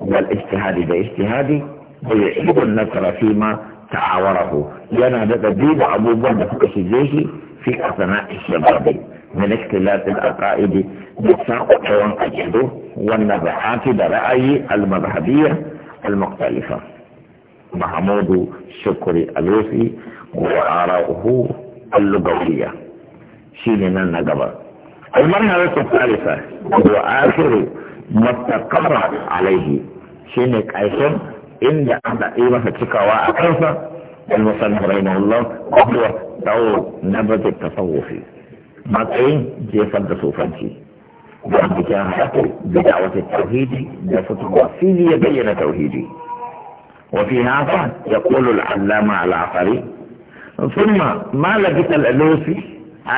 والاجتهاد باجتهادي ويحب النكر فيما تعاوره لأن هذا تجيب أبو بكر كشجيه في أثناء الشباب من اختلاف العقائد بالساقط والأجهد والنزعات برأي المذهبية المختلفة محمود شكري الوفي وآراؤه اللغوية شيلنا النقبة المرحلة الثالثة وآخر ما استقر عليه شينك أيضا inda aka yi masa cikawa a kansa da المصنف رحمه الله وهو دور نبذ التصوف matsayin jefar da sofanci da bikin haɗu da dawata tauhidi da fitowa fili ya bayyana tauhidi وفي هذا يقول العلامة العقري ثم ما لبث الألوسي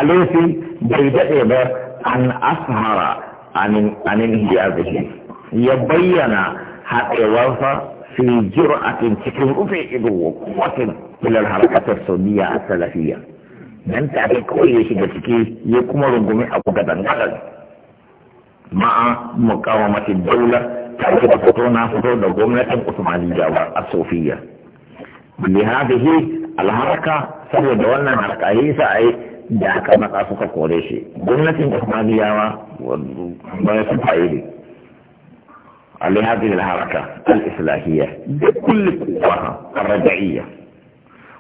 ألوسي بيدئب أن أظهر عن عن انهيازه يبين حق وصف في جرأة تكون رفع وقوة إلى الحركة السعودية السلفية dan take kawai ya shiga ciki ya kuma rungumi abu ga dangalar ma'a mukawamati daula tare da fito na fito da gwamnatin Usmaniyya wa Asofiya li hadhihi alharaka saboda wannan harka yi sa ai da aka matsa suka kore shi gwamnatin Usmaniyyawa ba su fa'ili لهذه الحركة الإصلاحية بكل قواها الرجعية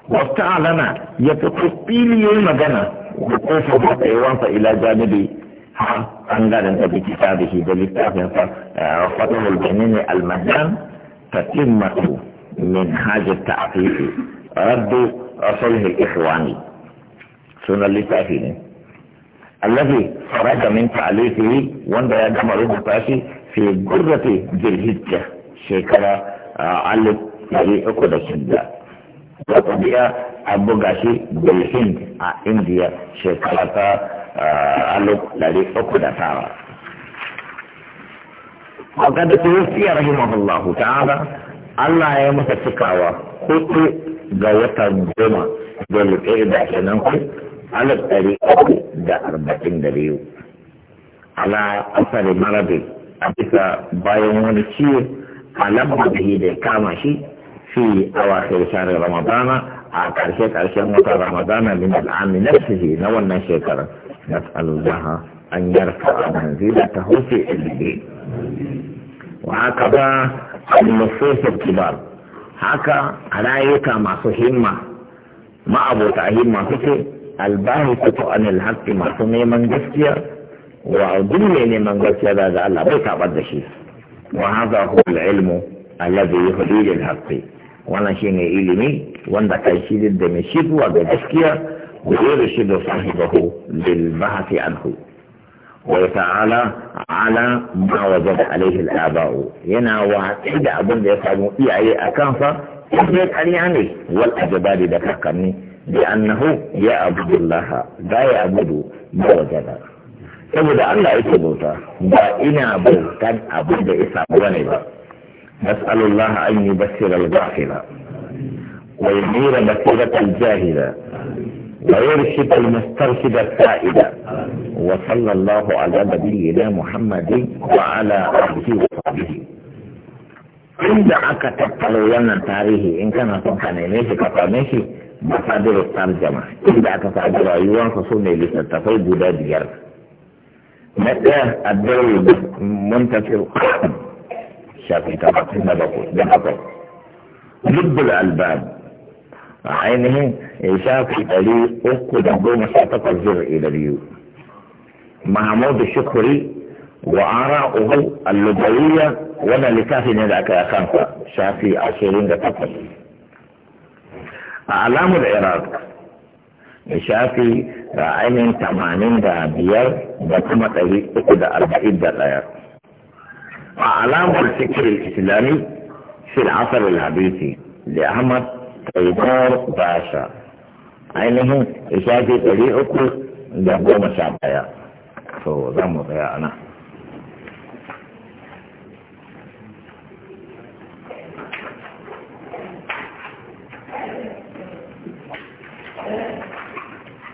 واستعلن يتقطيل يوم جنة وقوف حتى إلى جانبي ها جانب أنت بكتابه بكتابه فتح الجنين المجان تتمة من حاجة التعقيق رد رسله الإخواني سنة لتأفيني الذي خرج من تعليقه وانبيا يا جمع رجل في جرة ذي الهجة شكرا آه، على ɗari uku da shidda wata biya a buga shi bilhin a indiya shekara وقد توفي رحمه الله تعالى الله يا متسكاوى كنت جوتا جمع جل إيدا شنانك على يعني الطريق دا أربعين دليو على أثر مرضي a bisa bayan wani ciwo a lamba da ya kama shi fi awakhir shahr ramadana a karshe karshe watan ramadana min al'ami na shi na wannan shekara na nas'alullah an yarfa manzila ta hufi ilmi wa haka ba al-nufusul kibar haka rayuka masu himma ma'abota himma suke albahithatu anil haqqi masu neman gaskiya wa duk mai neman gaskiya da ga Allah bai tabar da shi wa hadha huwa al-ilmu alladhi yuhdi lil haqqi wannan shine ilimi wanda kai shi da mai shi ga gaskiya wa yurshidu sahibahu bil bahthi anhu وتعالى على ما وجد عليه الآباء ينا وعيد أبن دي سامو إيه أكانفا يبيت علي عني والأجبار دكاكني بأنه يعبد الله لا يعبد ما وجد saboda Allah yake bauta ba ina bautan abin da ya samu bane ba nas'alullah an yubassira al-ghafila wa yudira basirat al-jahila wa yurshid al-mustarshid al-sa'ida wa sallallahu ala nabiyyina muhammadin wa ala alihi wa sahbihi inda aka tattaro wannan tarihi in kana son ka neme shi ka same shi masadirar tarjama inda aka sami rayuwarsa su ne littattafai guda biyar نتان الدولة منتصر شافي تبقى نبقى نبقى لب الألباب عينه شافي تلي أكو دبوم شاتق الزر إلى اليو محمود الشكري وآراؤه اللغوية وانا لكافي ندعك يا خانفة شافي عشرين دقيقة أعلام العراق da shafi ra'ayin tamanin da biyar da kuma ɗari uku da arba'in da ɗaya a alamar fikirin islami fil asar al-habisi da ahmad taimur basha ainihin shafi ɗari uku da goma sha ɗaya to za mu tsaya a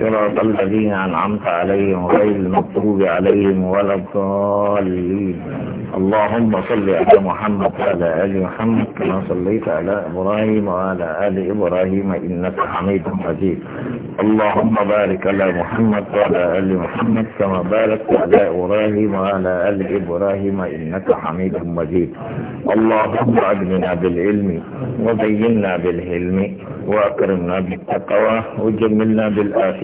صراط الذين أنعمت عليهم غير المغضوب عليهم ولا الضالين اللهم صل على محمد وعلى آل محمد كما صليت على إبراهيم وعلى آل إبراهيم إنك حميد مجيد اللهم بارك على محمد وعلى آل محمد كما باركت على إبراهيم وعلى آل إبراهيم إنك حميد مجيد اللهم أجمنا بالعلم وزينا بالهلم وأكرمنا بالتقوى وجملنا بالآخرة